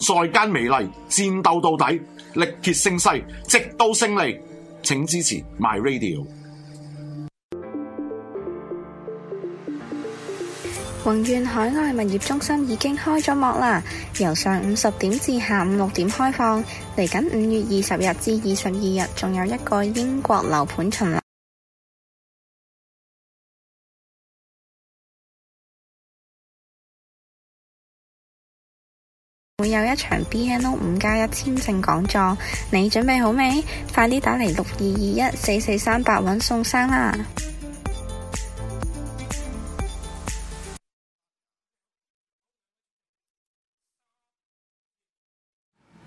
再間美麗戰鬥到底，力竭勝勢，直到勝利。請支持 My Radio。宏遠海外物業中心已經開咗幕啦，由上午十點至下午六點開放。嚟緊五月二十日至二十二日，仲有一個英國樓盤巡禮。會有一場 B N O 五加一簽證講座，你準備好未？快啲打嚟，六二二一四四三八搵宋生啦。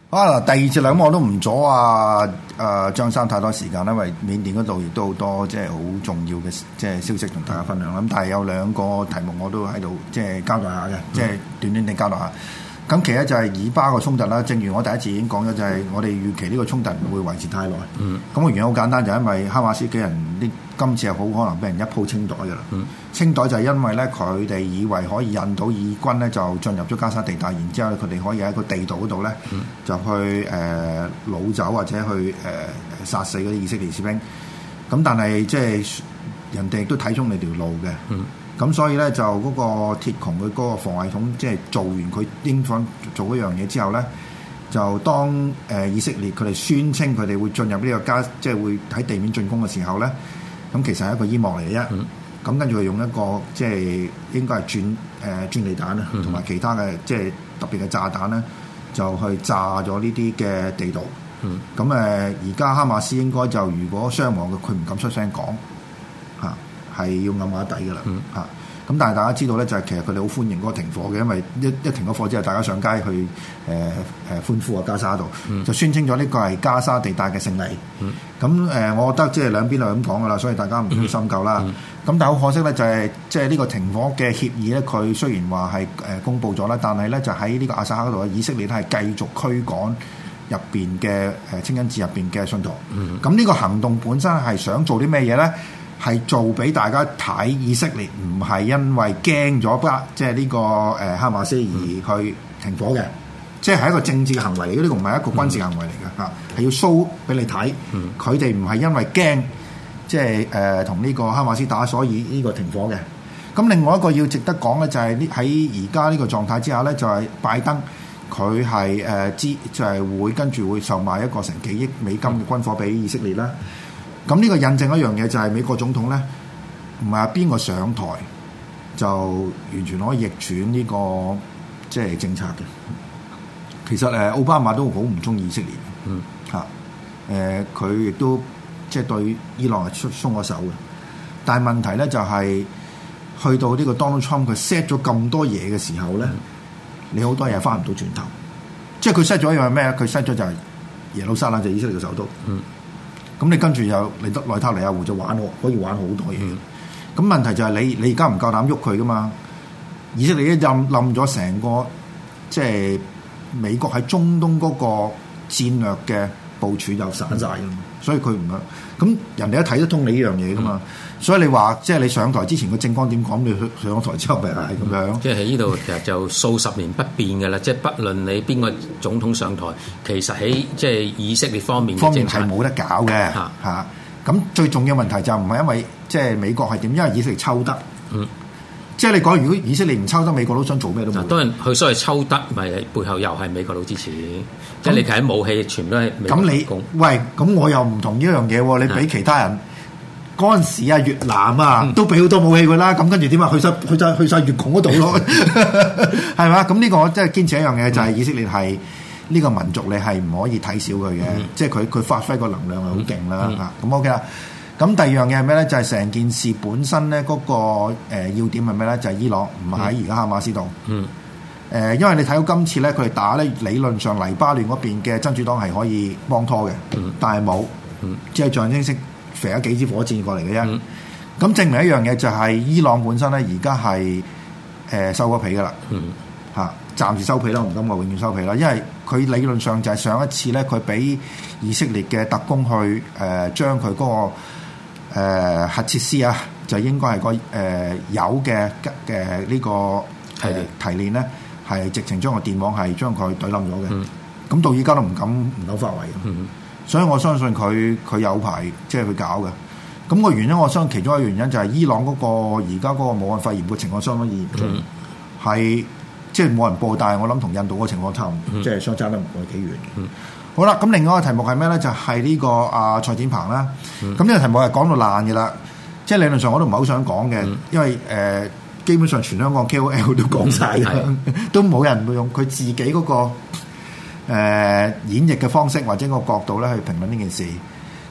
好啦，第二次兩我都唔阻啊。誒，張生太多時間啦，因為緬甸嗰度亦都好多即係好重要嘅即係消息，同大家分享咁。但係有兩個題目，我都喺度即係交代一下嘅，即、嗯、係短短地交代下。咁其實就係以巴個衝突啦，正如我第一次已經講咗，就係、是、我哋預期呢個衝突唔會維持太耐。咁、嗯、個原因好簡單，就係、因為哈馬斯嘅人呢，今次係好可能俾人一鋪清袋噶啦、嗯。清袋就係因為咧，佢哋以為可以引到以軍咧就進入咗加沙地帶，然之後佢哋可以喺個地道嗰度咧就去誒攞、嗯呃、走或者去誒殺、呃、死嗰啲以色列士兵。咁但係即係人哋亦都睇中你條路嘅。嗯。咁所以咧，就嗰個鐵穹，佢嗰個防衞系統即係做完佢應該做嗰樣嘢之後咧，就當誒以色列佢哋宣稱佢哋會進入呢個家，即、就、係、是、會喺地面進攻嘅時候咧，咁其實係一個煙幕嚟嘅啫。咁、嗯、跟住佢用一個即係應該係轉誒轉地彈啦，同、呃、埋、嗯、其他嘅即係特別嘅炸彈咧，就去炸咗呢啲嘅地道。咁誒而家哈馬斯應該就如果傷亡嘅，佢唔敢出聲講。係要暗下底噶啦。啊、嗯！咁但係大家知道咧，就係其實佢哋好歡迎嗰個停火嘅，因為一一停咗火之後，大家上街去誒誒、呃呃、歡呼啊加沙度、嗯，就宣稱咗呢個係加沙地帶嘅勝利。咁、嗯、誒、嗯嗯，我覺得即係兩邊係咁講噶啦，所以大家唔需要深究啦。咁、嗯嗯、但係好可惜咧，就係即係呢個停火嘅協議咧，佢雖然話係誒公布咗啦，但係咧就喺呢個阿沙克度以色列，都係繼續驅趕入邊嘅誒清真寺入邊嘅信徒。咁、嗯、呢、嗯、個行動本身係想做啲咩嘢咧？係做俾大家睇，以色列唔係因為驚咗巴，即係呢個誒哈馬斯而去停火嘅，嗯嗯，即係係一個政治嘅行為嚟，呢個唔係一個軍事行為嚟嘅嚇，係、嗯、要 show 俾你睇，佢哋唔係因為驚，即係誒同呢個哈馬斯打所以呢個停火嘅。咁另外一個要值得講嘅就係喺而家呢個狀態之下咧，就係、是、拜登佢係誒知就係、是、會跟住會售賣一個成幾億美金嘅軍火俾以色列啦。嗯嗯。咁呢個印證一樣嘢就係美國總統咧，唔係話邊個上台就完全可以逆轉呢、這個即係政策嘅。其實誒，奧巴馬都好唔中意以色列，嗯，佢、啊、亦、呃、都即係對伊朗係出鬆咗手嘅。但係問題咧就係、是、去到呢個 Donald Trump，佢 set 咗咁多嘢嘅時候咧、嗯，你好多嘢返翻唔到轉頭。即係佢 set 咗一樣咩？佢 set 咗就係耶路撒冷就是、以色列嘅首都，嗯。咁你跟住又嚟得內塔尼亞胡就玩喎，可以玩好多嘢。咁問題就係你你而家唔夠膽喐佢㗎嘛？而且你一任冧咗成個即係美國喺中東嗰個戰略嘅部署就散晒嘅嘛，所以佢唔～咁人哋都睇都通你呢樣嘢噶嘛，所以你話即係你上台之前個政綱點講，你上上台之後咪係咁樣。嗯、即係喺呢度其實就數十年不變㗎啦， 即係不論你邊個總統上台，其實喺即係以色列方面，方面係冇得搞嘅。咁、啊啊、最重要問題就唔係因為即係美國係點，因為以色列抽得嗯。即係你講，如果以色列唔抽得，美國都想做咩都冇。當然，佢所謂抽得，咪背後又係美國佬支持。即係你睇武器，全部都係。咁你喂，咁我又唔同呢樣嘢喎。你俾其他人嗰陣時啊，越南啊，嗯、都俾好多武器佢啦。咁跟住點啊？去晒去晒去晒越共嗰度咯，係嘛？咁呢 個我真係堅持一樣嘢、嗯，就係、是、以色列係呢、呢個民族，你係唔可以睇小佢嘅。即係佢佢發揮個能量係好勁啦。咁、嗯嗯啊、OK 啦。咁第二樣嘢係咩咧？就係、是、成件事本身咧，嗰個要點係咩咧？就係、是、伊朗唔係喺而家哈馬斯度。誒、嗯嗯，因為你睇到今次咧，佢哋打咧理論上黎巴嫩嗰邊嘅真主黨係可以幫拖嘅、嗯，但係冇，即、嗯、係象徵式射咗幾支火箭過嚟嘅啫。咁、嗯、證明一樣嘢就係伊朗本身咧，而家係誒收咗皮㗎喇吓，暫時收皮啦，唔敢話永遠收皮啦，因為佢理論上就係上一次咧，佢俾以色列嘅特工去誒、呃、將佢嗰、那個。誒、呃、核設施啊，就應該係個誒、呃、有嘅嘅呢個係、這個呃、提煉咧，係直情將個電網係將佢懟冧咗嘅。咁、嗯、到依家都唔敢唔敢發圍、嗯。所以我相信佢佢有排即係去搞嘅。咁、那個原因，我相信其中一個原因就係伊朗嗰個而家嗰個武漢肺炎嘅情況相當之嚴重，係、嗯嗯、即係冇人報，但係我諗同印度個情況差唔多，嗯、即係相差得唔會幾遠。嗯嗯。好啦，咁另外一個題目係咩咧？就係、是、呢、這個阿、啊、蔡展鵬啦。咁、嗯、呢個題目係講到爛嘅啦，即係理論上我都唔係好想講嘅、嗯，因為誒、呃、基本上全香港 K O L 都講晒、嗯，都冇人會用佢自己嗰、那個、呃、演繹嘅方式或者個角度咧去評論呢件事。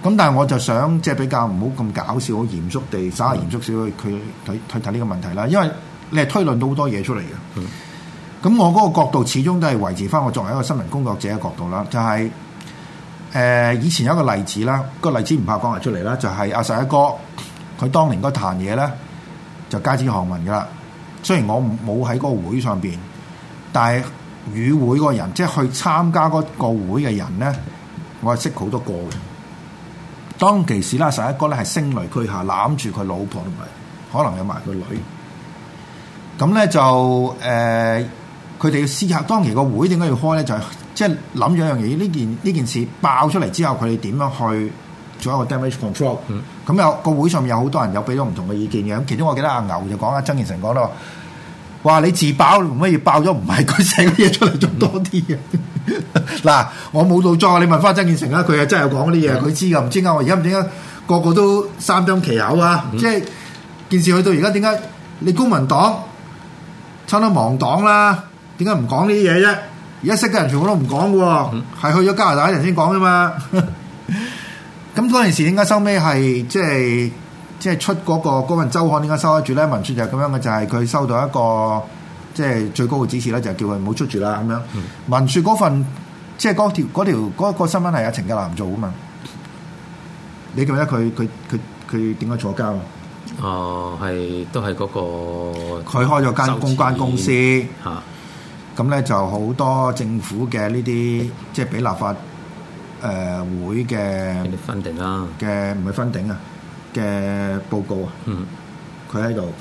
咁但係我就想即係、就是、比較唔好咁搞笑，好嚴肅地稍為嚴肅少少去佢睇睇睇呢個問題啦。嗯、因為你係推論到好多嘢出嚟嘅。嗯咁我嗰個角度始終都係維持翻我作為一個新聞工作者嘅角度啦、就是，就係誒以前有一個例子啦，個例子唔怕講出嚟啦，就係阿十一哥佢當年嗰壇嘢咧就家之行文噶啦。雖然我冇喺嗰個會上邊，但係與會嗰人即係去參加嗰個會嘅人咧，我係識好多個嘅。當其時咧，十一哥咧係聲淚俱下攬住佢老婆同埋可能有埋個女，咁咧就誒。呃佢哋要思考，當期個會點解要開咧？就係即係諗咗一樣嘢，呢件呢件事爆出嚟之後，佢哋點樣去做一個 damage control？咁、嗯、有個會上面有好多人有俾咗唔同嘅意見嘅。咁其中我記得阿牛就講阿曾健成講啦話，你自爆唔可以爆咗唔係佢寫嘅嘢出嚟仲多啲嘅。嗯，嗱， 我冇到錯你問翻曾健成啦，佢又真係講嗰啲嘢，佢、嗯、知噶。唔知點解我而家唔知點解個個都三緘其口啊？即、嗯、係、就是、件事去到而家，點解你公民黨差唔多亡黨啦？點解唔講呢啲嘢啫？而家識嘅人全部都唔講嘅，係去咗加拿大嘅人先講啫嘛。咁嗰陣時點解收尾係即係即係出嗰個嗰份周刊點解收得住咧？文叔就係咁樣嘅，就係佢收到一個即係最高嘅指示咧，就係叫佢唔好出住啦咁樣。文叔嗰份即係嗰條嗰條嗰個新聞係阿陳家南做噶嘛？你記唔記得佢佢佢佢點解坐監啊？哦，係都係嗰個佢開咗間公關公司吓。咁咧就好多政府嘅呢啲，即係俾立法誒、呃、會嘅，分頂啦嘅，唔係分頂啊嘅報告啊。佢喺度，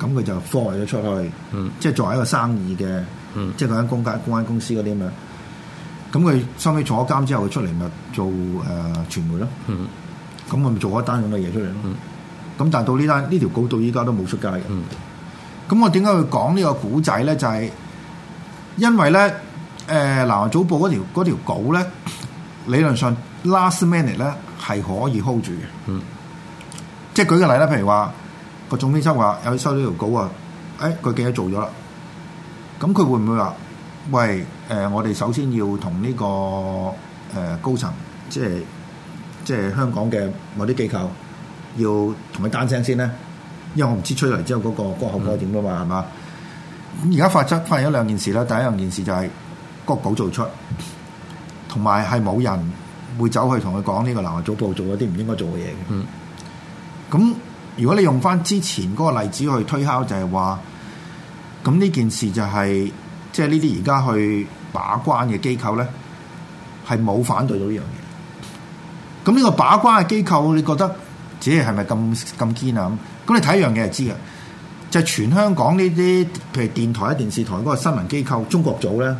咁佢就放埋咗出去。嗯、即係作為一個生意嘅、嗯，即係嗰間公間公安公司嗰啲咁樣。咁佢收尾坐監之後來，佢出嚟咪做誒傳媒咯。咁我咪做一單咁嘅嘢出嚟咯。咁、嗯、但係到呢單呢條稿到依家都冇出街嘅。咁、嗯、我點解會講個呢個古仔咧？就係、是因為咧，誒、呃《南華早報》嗰條稿咧，理論上 last minute 咧係可以 hold 住嘅。嗯。即係舉個例啦，譬如話個總編輯話有收到條稿啊，誒佢記得做咗啦。咁佢會唔會話，喂，誒、呃、我哋首先要同呢、這個誒、呃、高層，即係即係香港嘅某啲機構，要同佢單聲先咧，因為我唔知出嚟之後嗰個效果係點嘅嘛，係、嗯、嘛？咁而家發生發生咗兩件事啦，第一樣件事就係個稿做出，同埋係冇人會走去同佢講呢個《南華早報》做嗰啲唔應該做嘅嘢嘅。嗯，咁如果你用翻之前嗰個例子去推敲就是說，就係話，咁呢件事就係即係呢啲而家去把關嘅機構咧，係冇反對到呢樣嘢。咁呢個把關嘅機構，你覺得自己係咪咁咁堅啊？咁，咁你睇一樣嘢就知噶。就全香港呢啲譬如電台、電視台嗰個新聞機構中國組咧，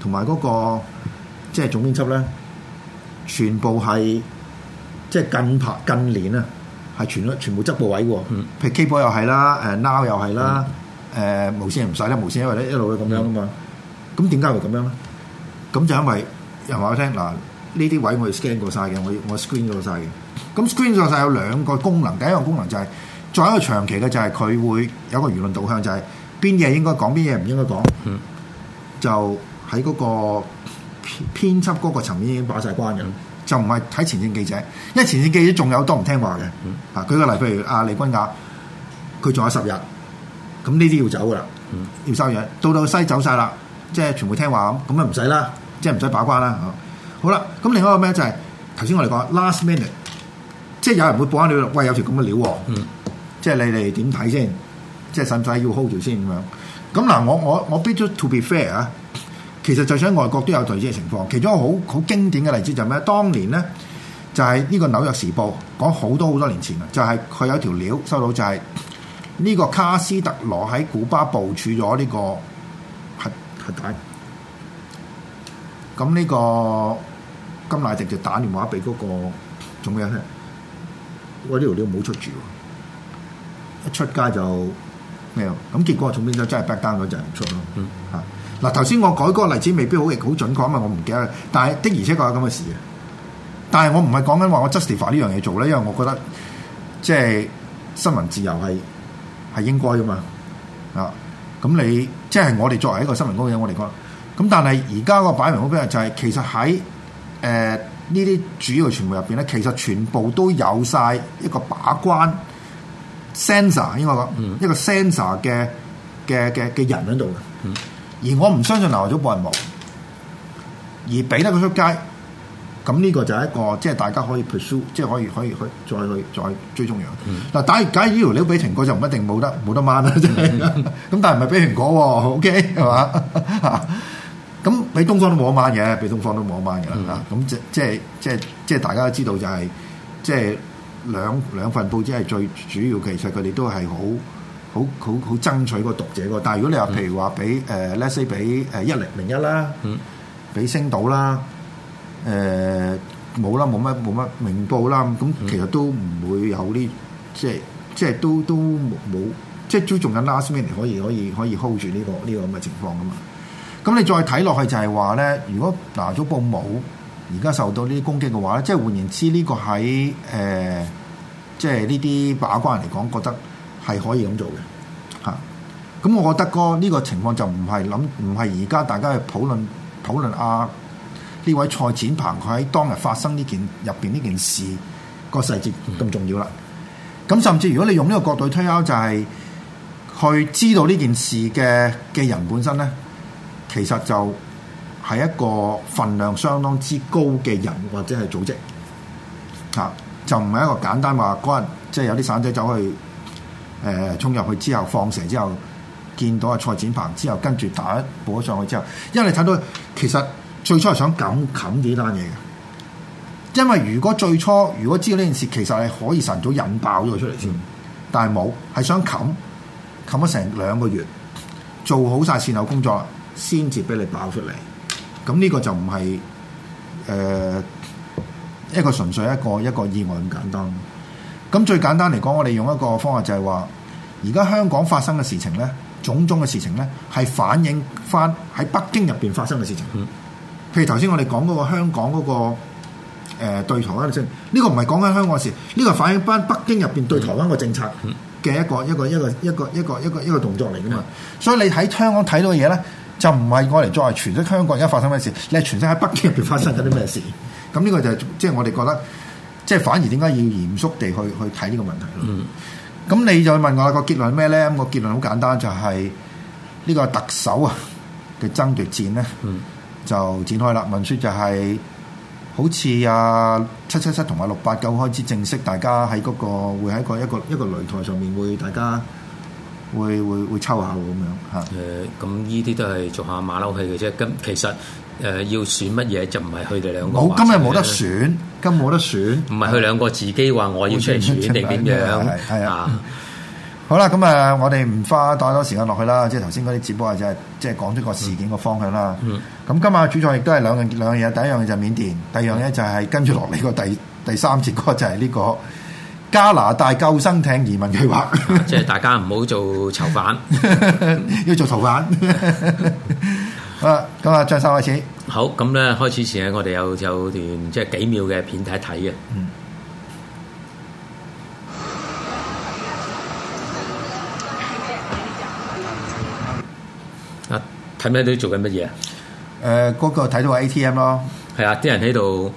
同埋嗰個即係總編輯咧，全部係即係近排近年啊，係全全部執個位喎。譬如 Cable 又係啦，誒 now 又係啦，誒無線又唔使啦，無線因為咧一路都咁樣啊嘛。咁點解會咁樣咧？咁就因為又話我聽嗱，呢啲位我哋 scan 過曬嘅，我我 scan 過曬嘅。咁 scan 過曬有兩個功能，第一個功能就係。再一個長期嘅就係，佢會有個輿論導向，就係邊嘢應該講，邊嘢唔應該講，就喺嗰個編輯嗰個層面已經把晒關嘅，就唔係睇前線記者，因為前線記者仲有多唔聽話嘅。啊，舉個例，譬如阿李君雅，佢仲有十日，咁呢啲要走噶啦，要收養。到到西走晒啦，即係全部聽話咁，咁啊唔使啦，即係唔使把關啦。好啦，咁另外一個咩就係頭先我哋講 last minute，即係有人會報啱料，喂，有條咁嘅料。嗯即係你哋點睇先？即係使唔使要 hold 住先咁樣？咁嗱，我我我必須 to be fair 啊，其實就算外國都有類似嘅情況。其中一個好好經典嘅例子就係咩？當年咧就係、是、呢個紐約時報講好多好多年前啦，就係、是、佢有條料收到、就是，就係呢個卡斯特羅喺古巴部署咗呢個核核彈。咁呢個金乃迪就打電話俾嗰、那個總理喂，呢條料唔好出住喎。一出街就咩咁結果從邊就真係 back down 嗰陣、就是、出咯。嗱、嗯，頭先我改個例子，未必好亦好準確啊嘛！我唔記得，但係的而且確有咁嘅事啊！但係我唔係講緊話我 justify 呢樣嘢做咧，因為我覺得即係、就是、新聞自由係係應該啊嘛啊！咁、嗯、你即係、就是、我哋作為一個新聞工作者，我嚟講咁，但係而家個擺明好嘅就係、是、其實喺呢啲主要傳媒入邊咧，其實全部都有晒一個把關，sensor，應該講一個 sensor 嘅嘅嘅嘅人喺度，而我唔相信留咗冇人冇，而俾得佢出街，咁呢個就係一個即係大家可以 pursue，即係可以可以去再去再追蹤央。嗱、嗯，假假如呢條料俾蘋果就唔一定冇得冇得掹啦，真係，咁但係唔係俾蘋果喎，OK 係嘛？咁、啊、俾東方都冇得掹嘅，俾東方都冇得掹嘅啦。咁、嗯、即即即即大家都知道就係、是、即。兩兩份報紙係最主要，其實佢哋都係好好好好爭取個讀者個。但係如果你話譬如話俾誒，let's say 俾誒一零零一啦，俾、嗯、星島啦，誒、呃、冇啦，冇乜冇乜明報啦，咁其實都唔會有啲即係即係都都冇，即係都仲緊 last minute 可以可以可以 hold 住呢、呢個呢、呢個咁嘅情況噶嘛。咁你再睇落去就係話咧，如果嗱，咗果冇。而家受到呢啲攻擊嘅話咧，即係換言之，呢個喺誒，即係呢啲把關嚟講，覺得係可以咁做嘅嚇。咁、嗯、我覺得個呢個情況就唔係諗，唔係而家大家去討論討論阿、啊、呢位蔡展鵬佢喺當日發生呢件入邊呢件事個細節咁重要啦。咁甚至如果你用呢個角度推敲、就是，就係去知道呢件事嘅嘅人本身咧，其實就。係一個份量相當之高嘅人或者係組織嚇、啊，就唔係一個簡單，話嗰日即係有啲散仔走去誒衝入去，之後放蛇，之後見到阿蔡展鵬，之後跟住打報咗上去之後，因為你睇到其實最初係想冚冚住呢單嘢嘅，因為如果最初如果知道呢件事，其實係可以晨早引爆咗佢出嚟先，嗯、但係冇係想冚冚咗成兩個月做好晒善後工作，先至俾你爆出嚟。咁、這、呢個就唔係誒一個純粹一個一個意外咁簡單。咁最簡單嚟講，我哋用一個方法就係話，而家香港發生嘅事情咧，種種嘅事情咧，係反映翻喺北京入邊發生嘅事情。譬、嗯、如頭先我哋講嗰個香港嗰、那個誒、呃、對台灣嘅政，呢、這個唔係講緊香港事，呢、這個反映翻北京入邊對台灣個政策嘅一個、嗯、一個一個一個一個一個一個，一個動作嚟噶嘛。所以你喺香港睇到嘅嘢咧。就唔係我嚟作為，係全真香港而家發生咩事？你係全真喺北京入邊發生緊啲咩事？咁呢個就即、是、係、就是、我哋覺得，即、就、係、是、反而點解要嚴肅地去去睇呢個問題咯？咁、嗯、你就問我個、那個結論咩咧？咁、那個結論好簡單，就係、是、呢個特首啊嘅爭奪戰咧、嗯，就展開啦。聞說就係、是、好似啊七七七同埋六八九開始正式，大家喺嗰、那個會喺個一個一個擂台上面會大家。會會會抽下、嗯、這些下咁樣吓。誒，咁呢啲都係做下馬騮戲嘅啫。咁其實誒、呃、要選乜嘢就唔係佢哋兩個好，今日冇得選，今日冇得選。唔係佢兩個自己話我要出嚟選定點樣？係啊 。好啦，咁啊，我哋唔花太多時間落去啦。即係頭先嗰啲節目就係即係講出個事件個方向啦。咁、嗯嗯、今日主菜亦都係兩樣兩樣嘢。第一樣嘢就係緬甸，第二樣嘢就係跟住落嚟個第第三節課就係呢、這個。加拿大救生艇移民計劃，即係，大家唔好做囚犯，要做逃犯， 做逃犯 好。好啊，咁啊，張三開始。好，咁咧開始時，咧，我哋有有段即係幾秒嘅片睇一睇嘅。啊，睇咩？都做緊乜嘢啊？誒，嗰個睇到 A T M 咯。係啊，啲人喺度。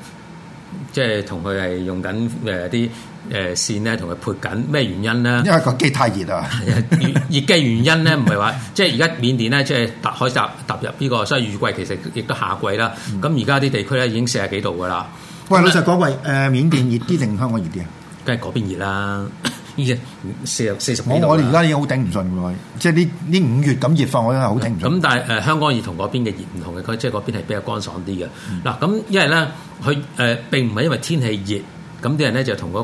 即係同佢係用緊誒啲誒線咧，同佢潑緊咩原因咧？因為個機太熱啊！熱嘅原因咧，唔係話即係而家緬甸咧，即係踏海踏踏入呢、這個，所以雨季其實亦都夏季啦。咁而家啲地區咧已經四十幾度噶啦。喂，麼老實講句，誒，緬、呃、甸熱啲定香港熱啲啊？梗係嗰邊熱啦。呢家四十四十幾度，啊我，我哋而家已經好頂唔順喎。即係呢啲五月咁熱況，我真係好頂唔順。咁但係誒香港熱同嗰邊嘅熱唔同嘅，佢即係嗰邊係比較乾爽啲嘅。嗱咁，因為咧，佢誒、呃、並唔係因為天氣熱，咁啲人咧就同嗰、嗰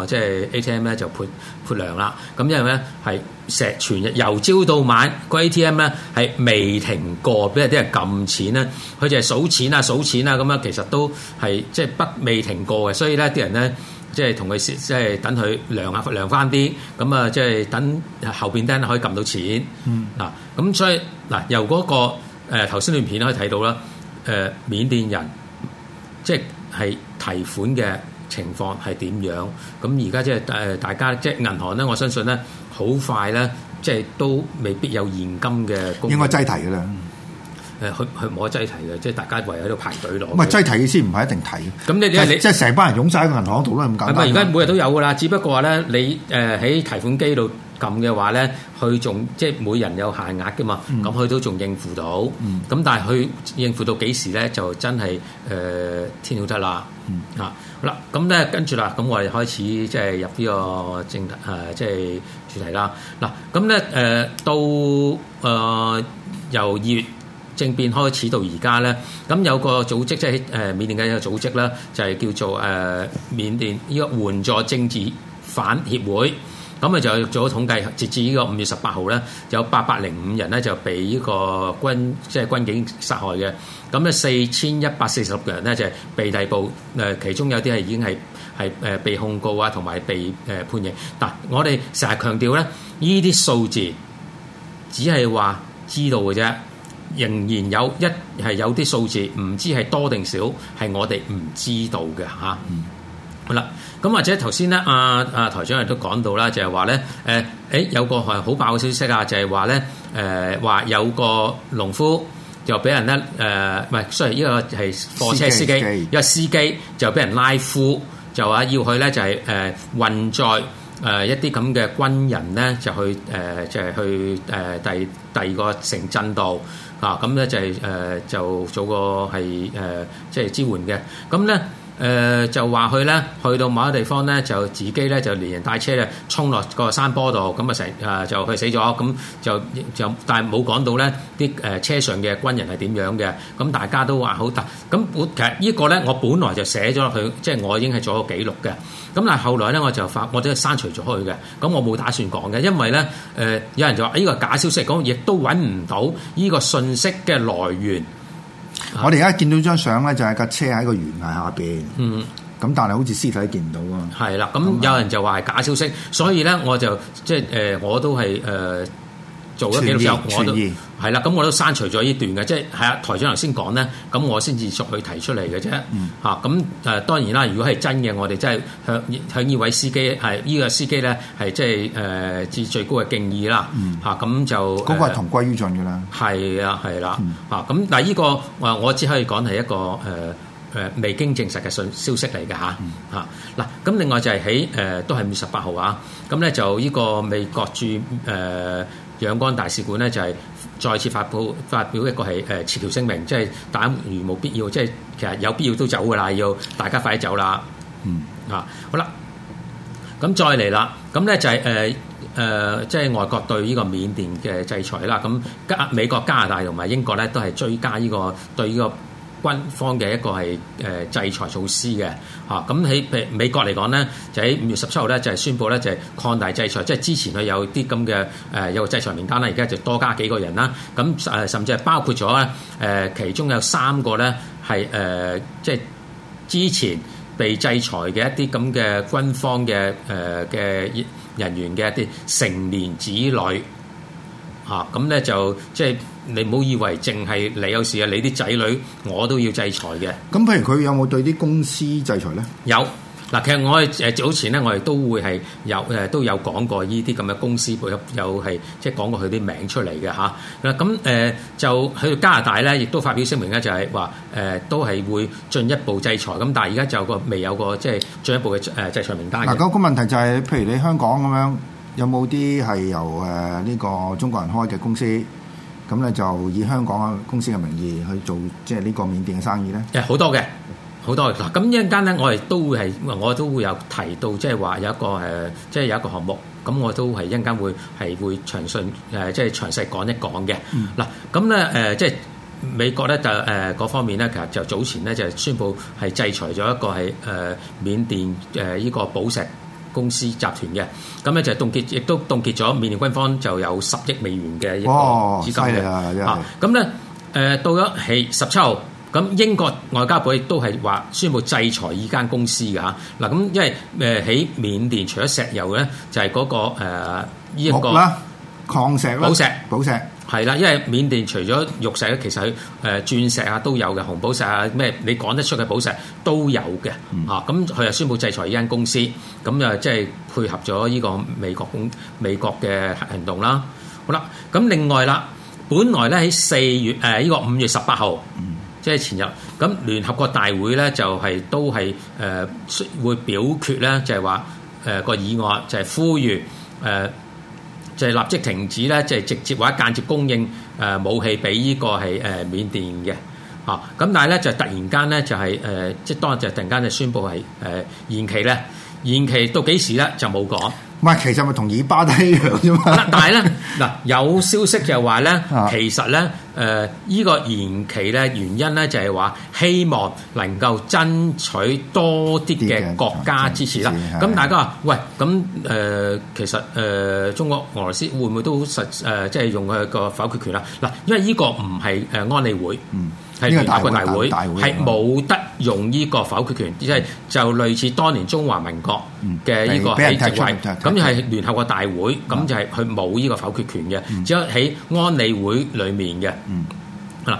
個即係 ATM 咧就潑潑涼啦。咁因為咧係石全日由朝到晚個 ATM 咧係未停過，俾啲人撳錢咧，佢就係數錢啊、數錢啊咁樣，其實都係即係不未停過嘅。所以咧，啲人咧。即係同佢，即係等佢量下量翻啲，咁啊，即係等後邊單可以撳到錢。嗯，嗱，咁所以嗱，由嗰個誒頭先段片可以睇到啦，誒緬甸人即係係提款嘅情況係點樣？咁而家即係誒大家即係銀行咧，我相信咧，好快咧，即係都未必有現金嘅。應該擠提㗎啦。誒去去冇得擠提嘅，即係大家圍喺度排隊攞。唔係擠提先唔係一定睇。咁你你你即係成班人湧晒喺個銀行度都係咁簡單。唔係而家每日都有㗎啦，只不過咧你誒喺、呃、提款機度撳嘅話咧，佢仲即係每人有限額㗎嘛。咁、嗯、佢都仲應付到。咁、嗯、但係佢應付到幾時咧，就真係誒、呃、天曉得啦。啊好啦，咁咧跟住啦，咁我哋開始即係入呢個政誒即係主題啦。嗱咁咧誒到誒、呃、由二月，政變開始到而家咧，咁有個組織即係誒緬甸嘅一個組織啦，就係叫做誒緬甸呢個援助政治反協會。咁啊就做咗統計，直至呢個五月十八號咧，有八百零五人咧就被呢個軍即係軍警殺害嘅。咁咧四千一百四十六人咧就係被逮捕，誒其中有啲係已經係係誒被控告啊，同埋被誒判刑。但我哋成日強調咧，呢啲數字只係話知道嘅啫。仍然有一係有啲數字唔知係多定少，係我哋唔知道嘅吓。好啦，咁或者頭先咧，阿阿台長亦都講到啦，就係話咧，誒誒有個係好爆嘅消息啊，就係話咧，誒話有個農夫就俾人咧，誒唔係，雖然依個係貨車司機，依個司機就俾人拉夫，就話要去咧，就係誒運載誒一啲咁嘅軍人咧，就去誒，就係去誒第第二個城鎮度。啊，咁咧就係、是、誒、呃，就做個係誒，即、呃、係、就是、支援嘅，咁咧。誒、呃、就話佢咧，去到某個地方咧，就自己咧就連人帶車咧衝落個山坡度，咁啊成就去、呃、死咗，咁就就但係冇講到咧啲誒車上嘅軍人係點樣嘅，咁大家都話好突，咁我其實個呢個咧我本來就寫咗落去，即、就、係、是、我已經係做個記錄嘅，咁但係後來咧我就發我都刪除咗佢嘅，咁我冇打算講嘅，因為咧誒、呃、有人就話呢個假消息，咁亦都揾唔到呢個信息嘅來源。 我哋而家見到張相咧，就係架車喺個懸崖下邊。嗯，咁但係好似屍體見唔到啊。係啦，咁有人就話係假消息，所以咧我就即係、呃、我都係誒。呃做咗幾多嘢？我都係啦，咁我都刪除咗呢段嘅，即係係啊。台長頭先講咧，咁我先至捉佢提出嚟嘅啫。嚇咁誒，當然啦，如果係真嘅，我哋真係向向呢位司機係呢個司機咧，係即係誒至最高嘅敬意啦。嚇咁就嗰個係同歸於盡嘅啦。係啊，係啦。嚇咁嗱，呢、嗯啊、個誒，我只可以講係一個誒誒、呃、未經證實嘅訊消息嚟嘅吓，嚇、啊、嗱。咁另外就係喺誒都係五月十八號啊。咁咧就呢個美國駐誒。呃仰光大使館咧就係、是、再次發布發表一個係誒撤僑聲明，即係但如無必要，即係其實有必要都走㗎啦，要大家快啲走啦。嗯啊，好啦，咁再嚟啦，咁咧就係誒誒，即、呃、係、呃就是、外國對呢個緬甸嘅制裁啦。咁加美國、加拿大同埋英國咧都係追加呢個對呢個軍方嘅一個係誒制裁措施嘅，嚇，咁喺美美國嚟講咧，就喺五月十七號咧就係宣布咧就係擴大制裁，即係之前佢有啲咁嘅誒有個制裁名單啦，而家就多加幾個人啦，咁誒甚至係包括咗誒其中有三個咧係誒即係之前被制裁嘅一啲咁嘅軍方嘅誒嘅人員嘅一啲成年子女。咁、啊、咧就即係、就是、你唔好以為淨係你有事啊！你啲仔女我都要制裁嘅。咁譬如佢有冇對啲公司制裁咧？有嗱，其實我哋早前咧，我哋都會係有都有講過呢啲咁嘅公司，有有係即係講過佢啲名出嚟嘅。嗱咁誒就去到加拿大咧，亦都發表聲明咧，就係話都係會進一步制裁。咁但係而家就個未有個即係進一步嘅誒制裁名單。嗱嗰個問題就係、是、譬如你香港咁樣。有冇啲係由誒呢個中國人開嘅公司，咁咧就以香港公司嘅名義去做即係呢個緬甸嘅生意咧？誒好多嘅，好多嗱。咁一陣間咧，我哋都會係，我都會有提到，即係話有一個誒，即、呃、係、就是、有一個項目，咁我都係一陣間會係會詳盡誒、呃嗯呃，即係詳細講一講嘅。嗱，咁咧誒，即係美國咧就誒嗰方面咧，其實就早前咧就宣布係制裁咗一個係誒、呃、緬甸誒呢、呃這個寶石。公司集團嘅，咁咧就係凍結，亦都凍結咗緬甸軍方就有十億美元嘅一個資金嘅嚇。咁咧誒，到咗喺十七號，咁英國外交部亦都係話宣布制裁依間公司嘅嚇。嗱，咁因為誒喺緬甸除咗石油咧，就係、是、嗰、那個呢一個礦啦，礦石啦，寶石，寶石。係啦，因為緬甸除咗玉石咧，其實佢誒鑽石啊都有嘅，紅寶石啊咩，你講得出嘅寶石都有嘅嚇。咁佢又宣布制裁呢間公司，咁就即係配合咗呢個美國美國嘅行動啦。好啦，咁另外啦，本來咧喺四月誒呢個五月十八號，即、嗯、係前日，咁聯合國大會咧就係、是、都係誒、呃、會表決咧，就係話誒個議案就係呼籲誒。呃就是、立即停止咧，就是、直接或間接供應武器俾依個係誒緬甸嘅，咁但係呢，就突然間呢、就是，就係誒即就突然間就宣布係、呃、延期咧，延期到幾時呢？就冇講。唔係，其實咪同以巴都一樣啫嘛。 但係咧，嗱，有消息就話咧，其實咧，誒依個延期咧，原因咧就係話希望能夠爭取多啲嘅國家支持啦。咁大家話喂，咁誒、呃、其實誒、呃、中國、俄羅斯會唔會都實誒、呃、即係用佢個否決權啦？嗱，因為依個唔係誒安理會。嗯係聯合國大會，係冇得用依個否決權，即係就類似當年中華民國嘅依個體制咁，又係聯合國大會，咁就係佢冇依個否決權嘅，只有喺安理會裡面嘅。嗱，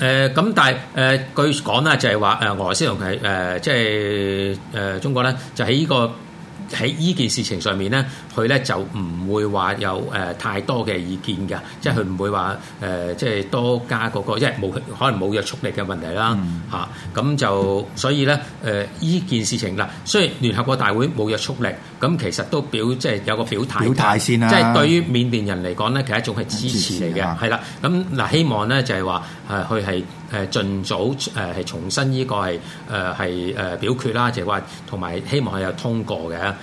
誒咁，但係誒據講咧，就係話誒俄羅斯同佢誒即係誒中國咧，就喺依個喺依件事情上面咧。佢咧就唔會話有誒、呃、太多嘅意見㗎，即係佢唔會話誒、呃、即係多加嗰個，個，即係冇可能冇約束力嘅問題啦嚇。咁、嗯啊、就所以咧誒依件事情啦，雖然聯合國大會冇約束力，咁其實都表即係有個表態，表態先啦。即係對於緬甸人嚟講咧，其實一種係支持嚟嘅，係、嗯、啦。咁嗱、嗯，希望咧就係話誒佢係誒儘早誒係、啊、重新呢、呢個係誒係誒表決啦，就係話同埋希望佢有通過嘅。咁、啊、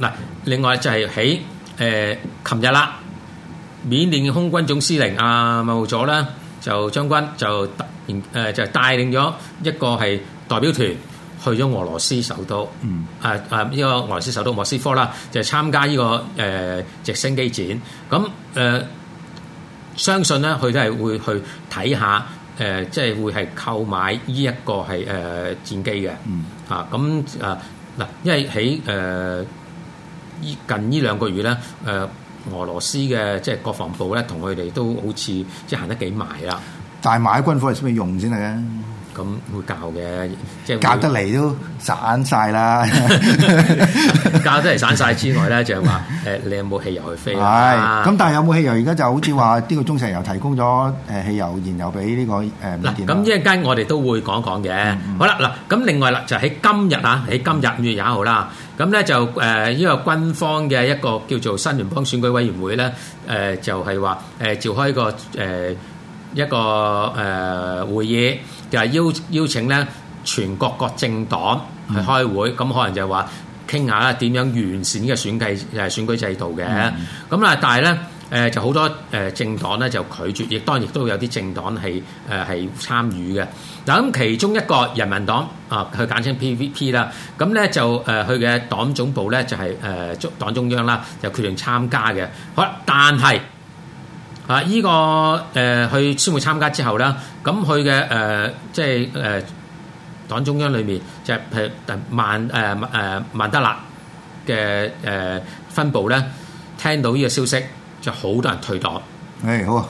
嗱，另外就係、係。喺誒，琴日啦，緬甸嘅空軍總司令阿茂佐啦，就將軍就誒就帶領咗一個係代表團去咗俄羅斯首都，誒誒呢個俄羅斯首都莫斯科啦，就參加呢個誒直升機展。咁誒、呃，相信咧佢都係會去睇下，誒、呃、即係會係購買呢一個係誒戰機嘅。嗯、啊，咁啊嗱，因為喺誒。呃近呢兩個月呢，俄羅斯嘅即係國防部呢，同佢哋都好似即行得幾埋啦。但係買軍火係咩用先咧？咁會教嘅，即係教得嚟都散曬啦。教得嚟散曬之外咧，就係話誒，你有冇汽油去飛？係咁，但係有冇汽油？而家就好似話呢個中石油提供咗誒汽油、燃油俾呢個誒。嗱，咁一陣間我哋都會講講嘅。好啦，嗱，咁另外啦，就喺今日啊，喺今日五月廿號啦，咁咧就誒呢個軍方嘅一個叫做新聯邦選舉委員會咧，誒就係話誒召開一個誒一個誒會議。就係、是、邀邀請咧全國各政黨去開會，咁、嗯、可能就係話傾下咧點樣完善嘅選計誒選舉制度嘅。咁、嗯、啦，但係咧誒就好多誒政黨咧就拒絕，亦當然亦都有啲政黨係誒係參與嘅。嗱咁其中一個人民黨啊，佢簡稱 PVP 啦，咁咧就誒佢嘅黨總部咧就係誒中黨中央啦，就決定參加嘅。好啦，但係。啊！依、這個誒，佢先會參加之後咧，咁佢嘅誒，即係誒、呃、黨中央裏面就譬曼曼誒誒德勒嘅誒、呃、分部咧，聽到呢個消息就好多人退黨。誒、哎、好啊，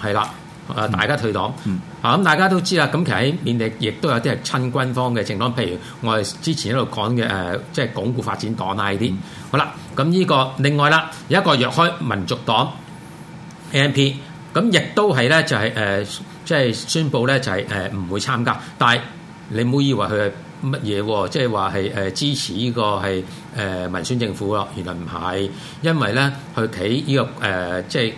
係啦，誒大家退黨。嗯、啊咁，大家都知啦。咁其實喺緬甸亦都有啲係親軍方嘅政黨，譬如我哋之前喺度講嘅誒，即係鞏固發展黨啦依啲。好啦，咁呢、這個另外啦，有一個若開民族黨。m p 咁亦都係咧，就係誒，即係宣佈咧，就係誒唔會參加。但係你唔好以為佢係乜嘢喎，即係話係誒支持呢個係誒民選政府咯。原來唔係，因為咧佢企呢個誒即係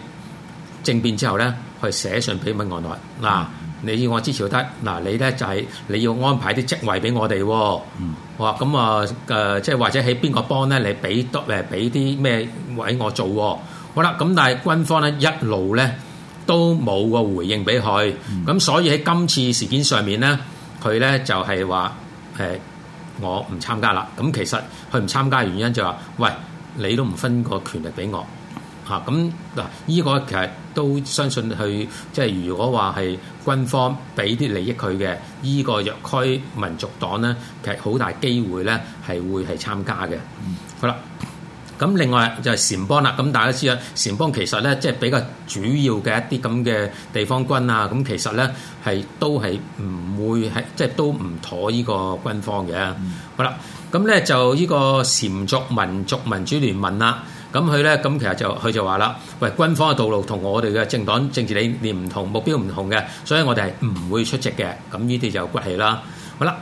政變之後咧，佢寫信俾敏昂萊嗱，你要我支持得嗱，你咧就係你要安排啲職位俾我哋。我話咁啊，誒即係或者喺邊個幫咧？你俾多誒俾啲咩位我做？好啦，咁但係軍方咧一路咧都冇個回應俾佢，咁、嗯、所以喺今次事件上面咧，佢咧就係話誒我唔參加啦。咁其實佢唔參加嘅原因就係、是、話，喂你都唔分個權力俾我嚇。咁、啊、嗱，依、嗯啊這個其實都相信佢即係如果話係軍方俾啲利益佢嘅，依、這個弱區民族黨咧，其實好大機會咧係會係參加嘅。好啦。咁另外就係撣邦啦，咁大家知呀，撣邦其實咧即係比較主要嘅一啲咁嘅地方軍啊，咁其實咧係都係唔會係即係都唔妥依個軍方嘅。好啦，咁咧就依個撣族民族民主聯盟啦，咁佢咧咁其實就佢就話啦，喂，軍方嘅道路同我哋嘅政黨政治理念唔同，目標唔同嘅，所以我哋係唔會出席嘅。咁依啲就骨氣啦。好啦。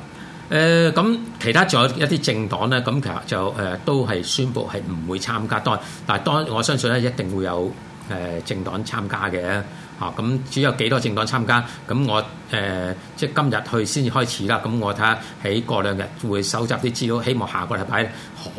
誒、呃、咁，其他仲有一啲政黨咧，咁其實就誒、呃、都係宣佈係唔會參加。當然但係當我相信咧，一定會有誒、呃、政黨參加嘅。嚇、啊、咁，至於有幾多政黨參加，咁我誒、呃、即係今日去先至開始啦。咁我睇下喺過兩日會收集啲資料，希望下個禮拜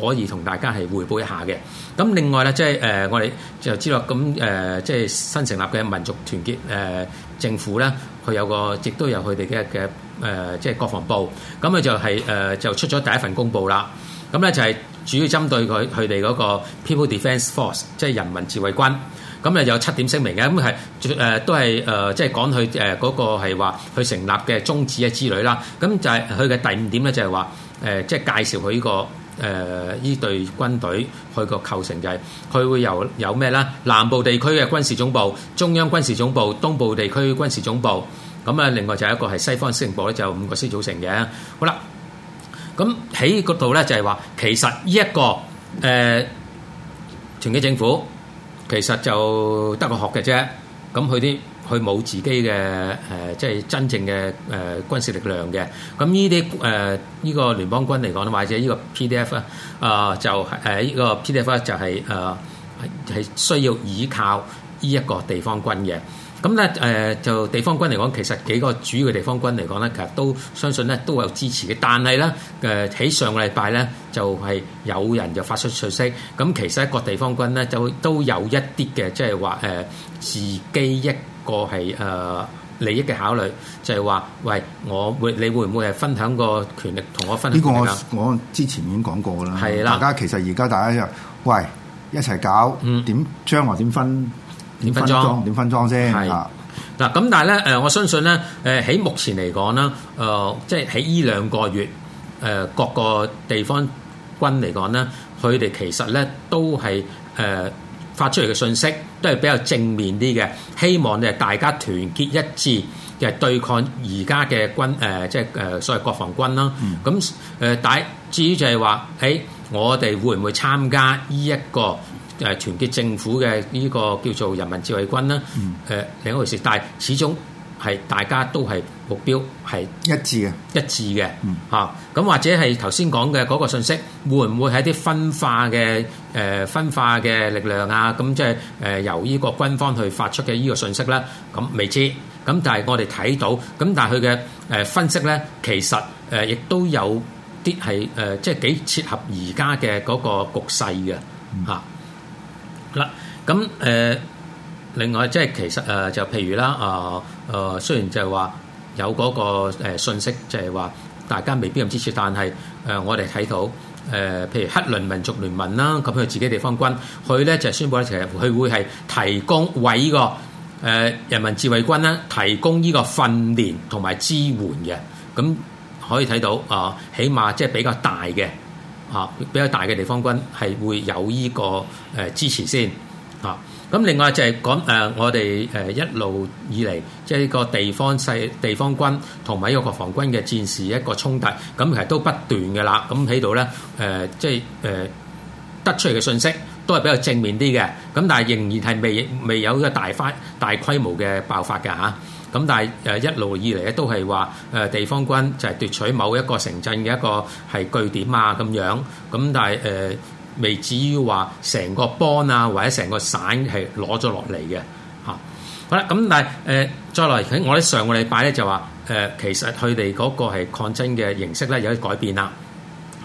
可以同大家係匯報一下嘅。咁另外咧，即係誒我哋就知道咁誒、呃，即係新成立嘅民族團結誒、呃、政府咧，佢有個亦都有佢哋嘅嘅。誒即係國防部，咁佢就係誒就出咗第一份公佈啦。咁咧就係主要針對佢佢哋嗰個 People Defence Force，即係人民自衛軍。咁咧有七點聲明嘅，咁係誒都係誒即係講佢誒嗰個係話佢成立嘅宗旨啊之類啦。咁就係佢嘅第五點咧就係話誒即係介紹佢依個誒依隊軍隊佢個構成就係佢會有有咩呢？南部地區嘅軍事總部、中央軍事總部、東部地區軍事總部。咁啊，另外就係一個係西方司令部咧，就五個聲組成嘅。好啦，咁喺嗰度咧就係話，其實呢、這、一個誒、呃，團結政府其實就得個學嘅啫。咁佢啲佢冇自己嘅誒，即、呃、係、就是、真正嘅誒、呃、軍事力量嘅。咁呢啲誒依個聯邦軍嚟講，或者呢個 PDF 啊、呃，啊就係誒依個 PDF 就係誒係需要依靠呢一個地方軍嘅。咁咧，誒、呃、就地方軍嚟講，其實幾個主要嘅地方軍嚟講咧，其實都相信咧都有支持嘅。但係咧，誒、呃、喺上個禮拜咧，就係、是、有人就發出訊息，咁其實各個地方軍咧都都有一啲嘅，即係話誒自己一個係誒、呃、利益嘅考慮，就係、是、話喂，我會你會唔會係分享個權力同我分享？呢個我我之前已經講過啦。係啦，大家其實而家大家就：「喂一齊搞，將來點分、嗯？點分裝？點分裝先？係嗱咁，但係咧，我相信咧，誒，喺目前嚟講咧，即係喺呢兩個月，各個地方軍嚟講咧，佢哋其實咧都係誒發出嚟嘅信息都係比較正面啲嘅，希望就係大家團結一致嘅對抗而家嘅軍即係所謂國防軍啦。咁誒，但至於就係話，誒，我哋會唔會參加呢一個？誒團結政府嘅呢個叫做人民自衛軍啦。誒另一回事，但係始終係大家都係目標係一致嘅，一致嘅嚇。咁、嗯、或者係頭先講嘅嗰個信息，會唔會係啲分化嘅誒、呃、分化嘅力量啊？咁即係誒由呢個軍方去發出嘅呢個信息咧？咁未知咁，但係我哋睇到咁，但係佢嘅誒分析咧，其實誒亦都有啲係誒即係幾切合而家嘅嗰個局勢嘅嚇。嗯嗱，咁誒，另外即係其實誒，就譬如啦，啊，誒，雖然就係話有嗰個誒信息，就係話大家未必咁支持，但係誒，我哋睇到誒，譬如克倫民族聯盟啦，咁佢自己地方軍，佢咧就係宣布咧，其實佢會係提供為呢個誒人民自衛軍咧提供呢個訓練同埋支援嘅，咁可以睇到啊，起碼即係比較大嘅。嚇比較大嘅地方軍係會有呢個誒支持先嚇。咁另外就係講誒我哋誒一路以嚟，即係呢個地方勢、地方軍同埋呢個國防軍嘅戰士一個衝突，咁其實都不斷嘅啦。咁喺度咧誒，即係誒得出嚟嘅信息都係比較正面啲嘅，咁但係仍然係未未有一個大翻大規模嘅爆發嘅嚇。咁但係誒一路以嚟咧都係話誒地方軍就係奪取某一個城鎮嘅一個係據點啊咁樣，咁但係誒、呃、未至於話成個邦啊或者成個省係攞咗落嚟嘅嚇。好啦，咁但係誒再落嚟睇我哋上個禮拜咧就話誒、呃、其實佢哋嗰個係抗爭嘅形式咧有啲改變啦，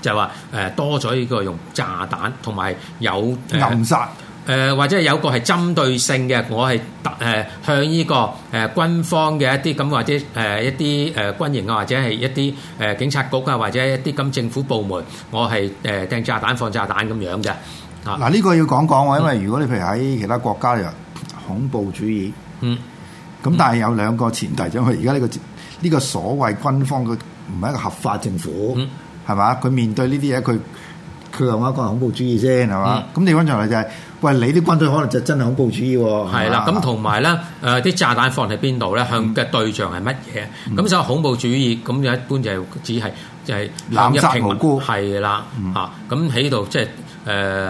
就話誒多咗呢個用炸彈同埋有暗、呃、殺。誒或者有個係針對性嘅，我係特誒向呢、這個誒、呃、軍方嘅一啲咁或者誒一啲誒、呃、軍營啊，或者係一啲誒、呃、警察局啊，或者一啲咁政府部門，我係誒掟炸彈放炸彈咁樣嘅。啊，嗱、這、呢個要講講喎，因為如果你譬如喺其他國家有、嗯、恐怖主義，嗯，咁但係有兩個前提，就係而家呢個呢、這個所謂軍方嘅唔係一個合法政府，嗯，係嘛？佢面對呢啲嘢，佢佢又一講恐怖主義先係嘛？咁、嗯、你另一方面就係、是。喂，你啲軍隊可能就真係恐怖主義喎，係啦。咁同埋咧，誒啲炸彈放喺邊度咧？向嘅對象係乜嘢？咁、嗯、就恐怖主義咁就一般就只、係、係就係、係、濫殺無辜。係啦嚇。咁喺度即係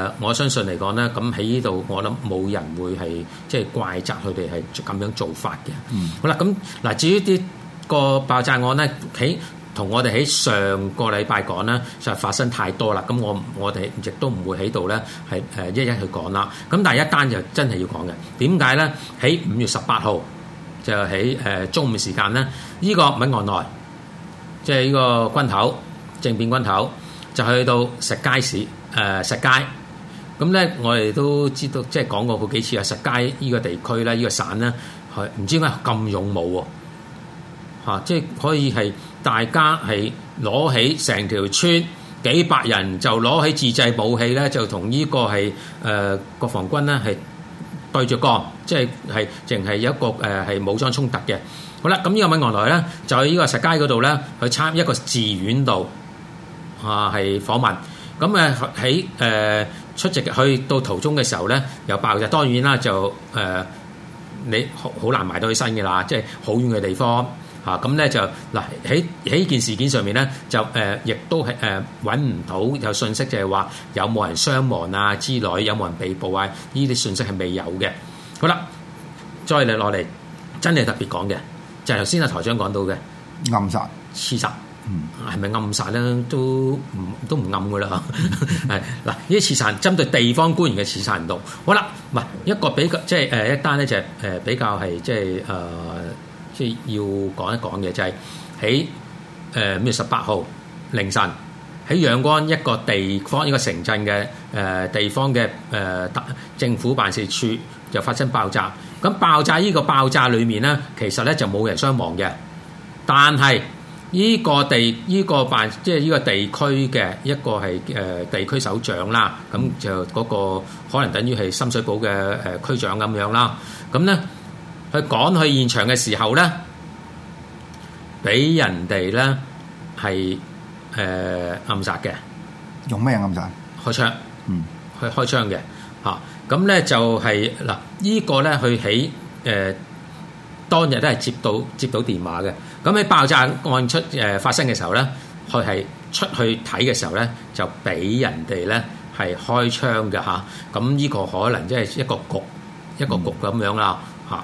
誒，我相信嚟講咧，咁喺呢度我諗冇人會係即係怪責佢哋係咁樣的做法嘅、嗯。好啦，咁嗱至於啲個爆炸案咧，喺。同我哋喺上個禮拜講咧，就發生太多啦。咁我我哋亦都唔會喺度咧，係誒一一去講啦。咁但係一單就真係要講嘅。點解咧？喺五月十八號就喺誒中午時間咧，呢、呢個敏昂萊，即係呢個軍頭政變軍頭就去到石街市誒、呃、石街。咁咧，我哋都知道即係講過好幾次啊。石街呢個地區咧，呢、呢個省咧係唔知點解咁勇武喎，即係可以係。大家係攞起成條村幾百人就攞起自製武器咧，就同依個係誒國防軍咧係對著幹，即係係淨係有一個誒係武裝衝突嘅。好啦，咁依個問題來咧，就喺依個石街嗰度咧，去參一個寺院度嚇係訪問。咁誒喺誒出席去到途中嘅時候咧，又爆嘅，當然啦就誒你好好難埋到去身㗎啦，即係好遠嘅地方。啊，咁咧就嗱喺喺件事件上面咧，就誒亦、呃、都係誒揾唔到有信息，就係話有冇人傷亡啊之類，有冇人被捕啊？呢啲信息係未有嘅。好啦，再嚟落嚟，真係特別講嘅，就係頭先阿台長講到嘅暗殺、刺殺，嗯，係咪暗殺咧？都唔都唔暗嘅啦嚇。係、嗯、嗱，依、啊、啲刺殺針對地方官員嘅刺殺唔多。好啦，唔係一個比較，即係誒一單咧，就係誒比較係即係誒。呃即係要講一講嘅就係喺誒五月十八號凌晨喺仰光一個地方，一個城鎮嘅誒地方嘅誒政府辦事處就發生爆炸。咁爆炸，呢個爆炸裡面咧，其實咧就冇人傷亡嘅，但係呢個地、呢個辦、即係呢個地區嘅一個係誒地區首長啦。咁就嗰個可能等於係深水埗嘅誒區長咁樣啦。咁咧。佢趕去現場嘅時候咧，俾人哋咧係誒暗殺嘅。用咩暗殺？開槍，嗯，去開槍嘅嚇。咁、啊、咧就係、是、嗱，依、這個咧佢喺誒當日都係接到接到電話嘅。咁喺爆炸案出誒、呃、發生嘅時候咧，佢係出去睇嘅時候咧，就俾人哋咧係開槍嘅嚇。咁、啊、呢個可能即係一個局，嗯、一個局咁樣啦嚇。啊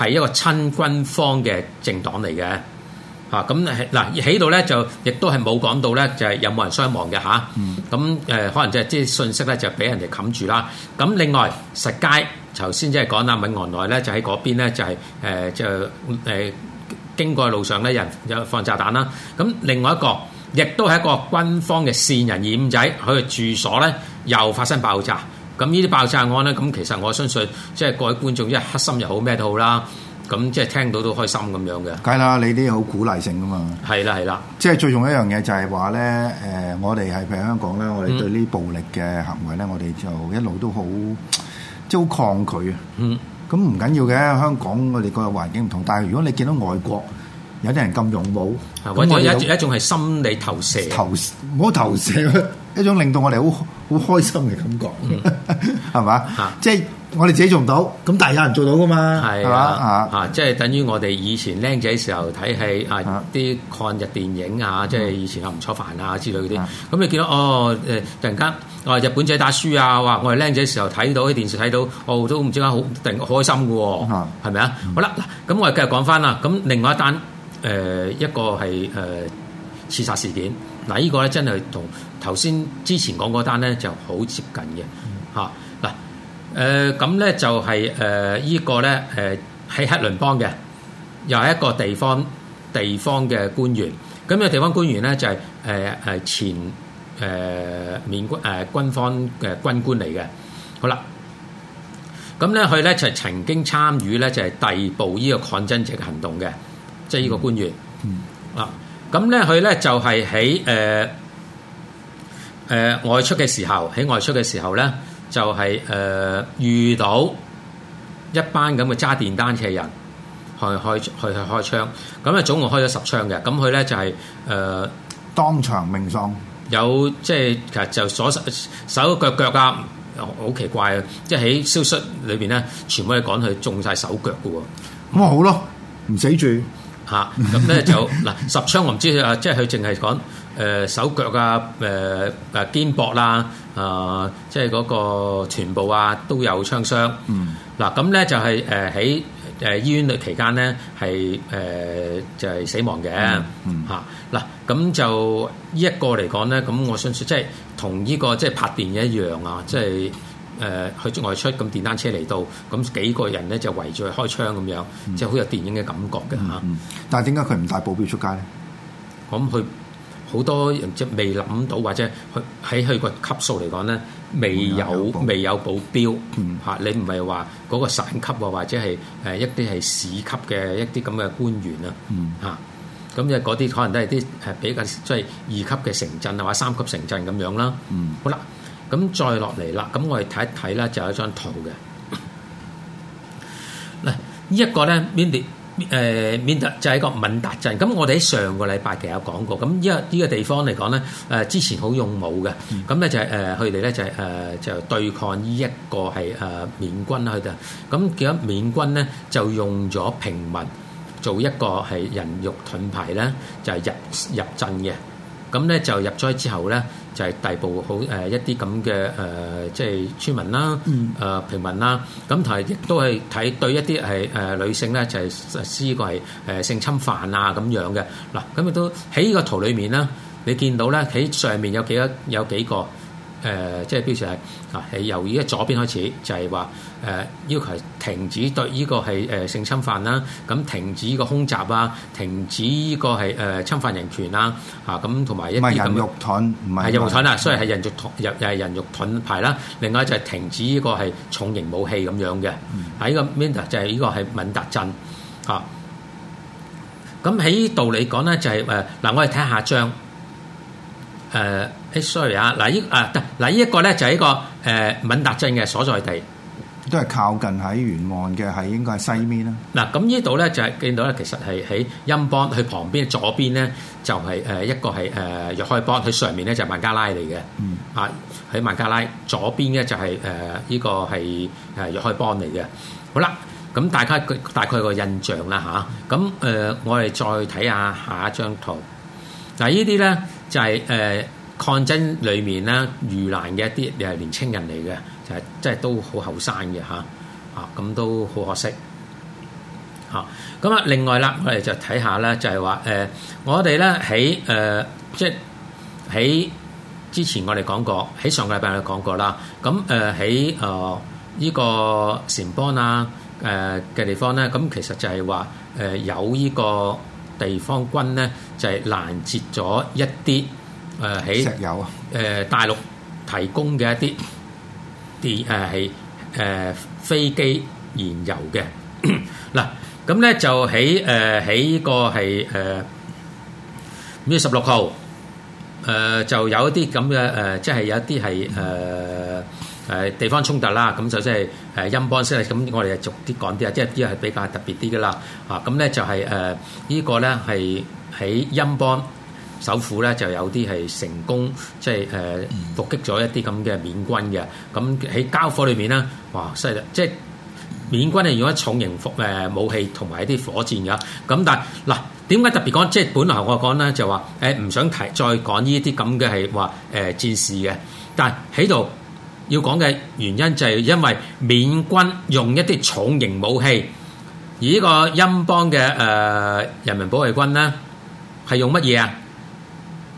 係一個親軍方嘅政黨嚟嘅，嚇咁嗱喺度咧就亦都係冇講到咧就係有冇人傷亡嘅嚇，咁誒可能就係啲信息咧就俾人哋冚住啦。咁另外實街頭先即係講啦，敏昂萊咧就喺嗰邊咧就係誒就誒經過路上咧有人放炸彈啦。咁另外一個亦都係一個軍方嘅線人二五仔佢嘅住所咧又發生爆炸。咁呢啲爆炸案咧，咁其實我相信，即係各位觀眾，即係黑心又好咩都好啦，咁即係聽到都開心咁樣嘅。梗係啦，你啲好鼓勵性噶嘛。係啦係啦，即係最重要一樣嘢就係話咧，我哋係譬如香港咧，我哋對呢暴力嘅行為咧，我哋就一路都好，即係好抗拒啊。咁唔緊要嘅，香港我哋個環境唔同，但係如果你見到外國有啲人咁勇武，或者有一一種係心理投射，投唔好投射。一種令到我哋好好開心嘅感覺，係、嗯、嘛？即係我哋自己做唔到，咁但係有人做到噶嘛，係嘛？啊，即係、啊啊啊、等於我哋以前僆仔時候睇戲啊，啲、啊、抗日電影啊，嗯、即係以前阿吳楚帆啊之類嗰啲，咁、嗯嗯、你見到哦誒、呃，突然間哦日本仔打輸啊，哇！我係僆仔時候睇到喺電視睇到，哦，都唔知點解好突然開心嘅喎，係咪啊？啊嗯、好啦，咁我哋繼續講翻啦。咁另外一單誒、呃，一個係誒、呃、刺殺事件嗱，呢、呃呢個咧真係同。頭先之前講嗰單咧就好接近嘅，嚇嗱，誒、咁咧就係誒，依個咧，誒喺克倫邦嘅又係一個地方，地方嘅官員，咁呢個地方官員咧就係誒、係前、誒緬軍、誒軍方嘅軍官嚟嘅。好啦，咁咧佢咧就曾經參與咧就係逮捕呢依個抗爭者嘅行動嘅，即係依個官員、嗯嗯、啊咁咧佢咧就係喺誒。呃呃、外出嘅時候，喺外出嘅時候咧，就係、是呃、遇到一班咁嘅揸電單車嘅人去開去去，去開槍，咁啊總共開咗十槍嘅，咁佢咧就係、是、誒、呃、當場命喪，有即係、就是、其實就是手手腳腳，很、就是手腳嗯、啊，好奇怪啊！即係喺消息裏面咧，全部都講佢中晒手腳嘅喎，咁啊好咯，唔死住嚇，咁咧就嗱十槍我，我唔知啊，即係佢淨係講。誒、呃、手腳啊，誒、呃、誒肩膊啦，啊，呃、即係嗰個臀部啊，都有槍傷。嗯、就是，嗱咁咧就係誒喺誒醫院裏期間咧，係誒、呃、就係、是、死亡嘅。嗯，嗱、嗯、咁、啊、就呢一個嚟講咧，咁我相信、就是這個、即係同呢個即係拍電影一樣啊，即係誒去外出咁電單車嚟到，咁幾個人咧就圍住開槍咁樣，即係好有電影嘅感覺嘅嚇、嗯嗯嗯。但係點解佢唔帶保鏢出街咧？咁、嗯、去。嗯好多人即未諗到，或者喺佢個級數嚟講咧，未有未有保鏢嚇、嗯啊，你唔係話嗰個省級啊，或者係誒一啲係市級嘅一啲咁嘅官員、嗯、啊嚇，咁即嗰啲可能都係啲係比較即係二級嘅城鎮啊，或者三級城鎮咁樣啦、嗯。好啦，咁再落嚟啦，咁我哋睇一睇啦，就有一張圖嘅。嗱，呢一個咧邊度？誒緬達就係一個緬達鎮，咁我哋喺上個禮拜其實有講過，咁依個依個地方嚟講咧，誒之前好勇武嘅，咁咧就係誒佢哋咧就係誒就對抗依一個係誒緬軍啦，佢哋，咁佢阿緬軍咧就用咗平民做一個係人肉盾牌咧，就係入入陣嘅。咁咧就入災之後咧，就係、是、逮捕好誒一啲咁嘅誒，即、呃、係、就是、村民啦，誒、呃、平民啦。咁、嗯、同埋亦都係睇對一啲係誒女性咧，就係、是、施個係誒性侵犯啊咁樣嘅。嗱，咁亦都喺呢個圖裡面啦，你見到咧喺上面有幾多有幾個？誒、呃，即係標示係啊，係由依家左邊開始，就係話誒要求停止對呢個係誒性侵犯啦，咁停止呢個空襲啊，停止呢個係誒侵犯人權啦，嚇咁同埋一啲人肉盾，唔係人肉盾啊，所以係人肉盾，又又係人肉盾牌啦。另外就係停止呢個係重型武器咁樣嘅。喺呢個 m i n 就係呢個係敏達鎮嚇。咁喺依度嚟講咧，這就係誒嗱，我哋睇下章誒。呃哎、Sorry 啊，嗱呢啊嗱呢一個咧就係一個誒敏達鎮嘅所在地，都係靠近喺沿岸嘅，係應該係西面啦。嗱，咁呢度咧就係見到咧，其實係喺欽邦佢旁邊左邊咧就係誒一個係誒若開邦，佢上面咧就孟加拉嚟嘅。啊，喺孟、就是呃、加拉，的、嗯啊、加拉左邊咧就係誒呢個係誒若開邦嚟嘅。好啦，咁大家大概有個印象啦吓，咁、啊、誒、啊，我哋再睇下下一張圖。嗱、啊，這些呢啲咧就係、是、誒。呃抗爭裏面咧遇難嘅一啲，你係年青人嚟嘅，就係即係都好後生嘅嚇，啊，咁都好可惜嚇。咁啊，另外啦，我哋就睇下咧，就係話誒，我哋咧喺誒，即係喺之前我哋講過，喺上個禮拜我哋講過啦。咁誒喺誒依個船邦啊誒嘅地方咧，咁其實就係話誒有呢個地方軍咧，就係攔截咗一啲。誒喺誒大陸提供嘅一啲啲誒係誒飛機燃油嘅嗱，咁咧就喺誒喺呢個係誒五月十六號，誒就有一啲咁嘅誒，即係有一啲係誒誒地方衝突啦。咁首先係誒欽邦先啦。咁我哋就逐啲講啲啊，即係啲係比較特別啲嘅啦。啊，咁咧就係誒呢個咧係喺欽邦。首府咧就有啲係成功，即係誒伏擊咗一啲咁嘅緬軍嘅。咁喺交火裏面咧，哇犀利！即係緬軍係用一重型服誒武器同埋一啲火箭嘅。咁但係嗱，點解特別講？即係本來我講咧就話誒唔想提再講呢啲咁嘅係話誒戰事嘅。但係喺度要講嘅原因就係因為緬軍用一啲重型武器，而呢個欽邦嘅誒人民保衛軍咧係用乜嘢啊？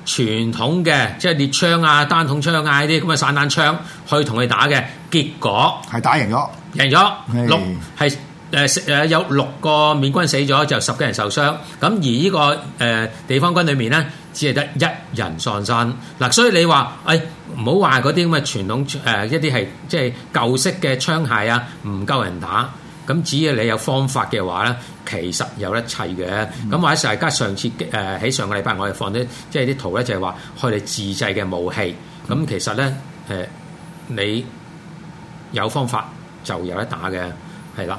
傳統嘅即係獵槍啊、單筒槍啊呢啲咁嘅散彈槍去同佢打嘅，結果係打贏咗，贏咗六係誒誒有六個緬軍死咗，就十幾人受傷。咁而呢、呢個誒、呃、地方軍裏面咧，只係得一人喪生。嗱，所以你話誒唔好話嗰啲咁嘅傳統誒、呃、一啲係即係舊式嘅槍械啊，唔夠人打。咁只要你有方法嘅話咧，其實有得砌嘅。咁或者成日加上次誒喺上個禮拜，我哋放啲即係啲圖咧，就係話佢哋自製嘅武器。咁其實咧誒，你有方法就有得打嘅，係啦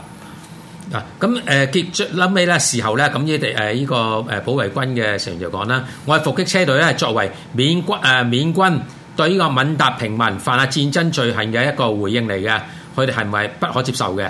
嗱。咁誒結諗起咧時候咧，咁依啲誒依個誒保衛軍嘅成員就講啦，我哋伏擊車隊咧，作為緬軍誒緬軍對依個敏達平民犯下戰爭罪行嘅一個回應嚟嘅，佢哋係唔係不可接受嘅？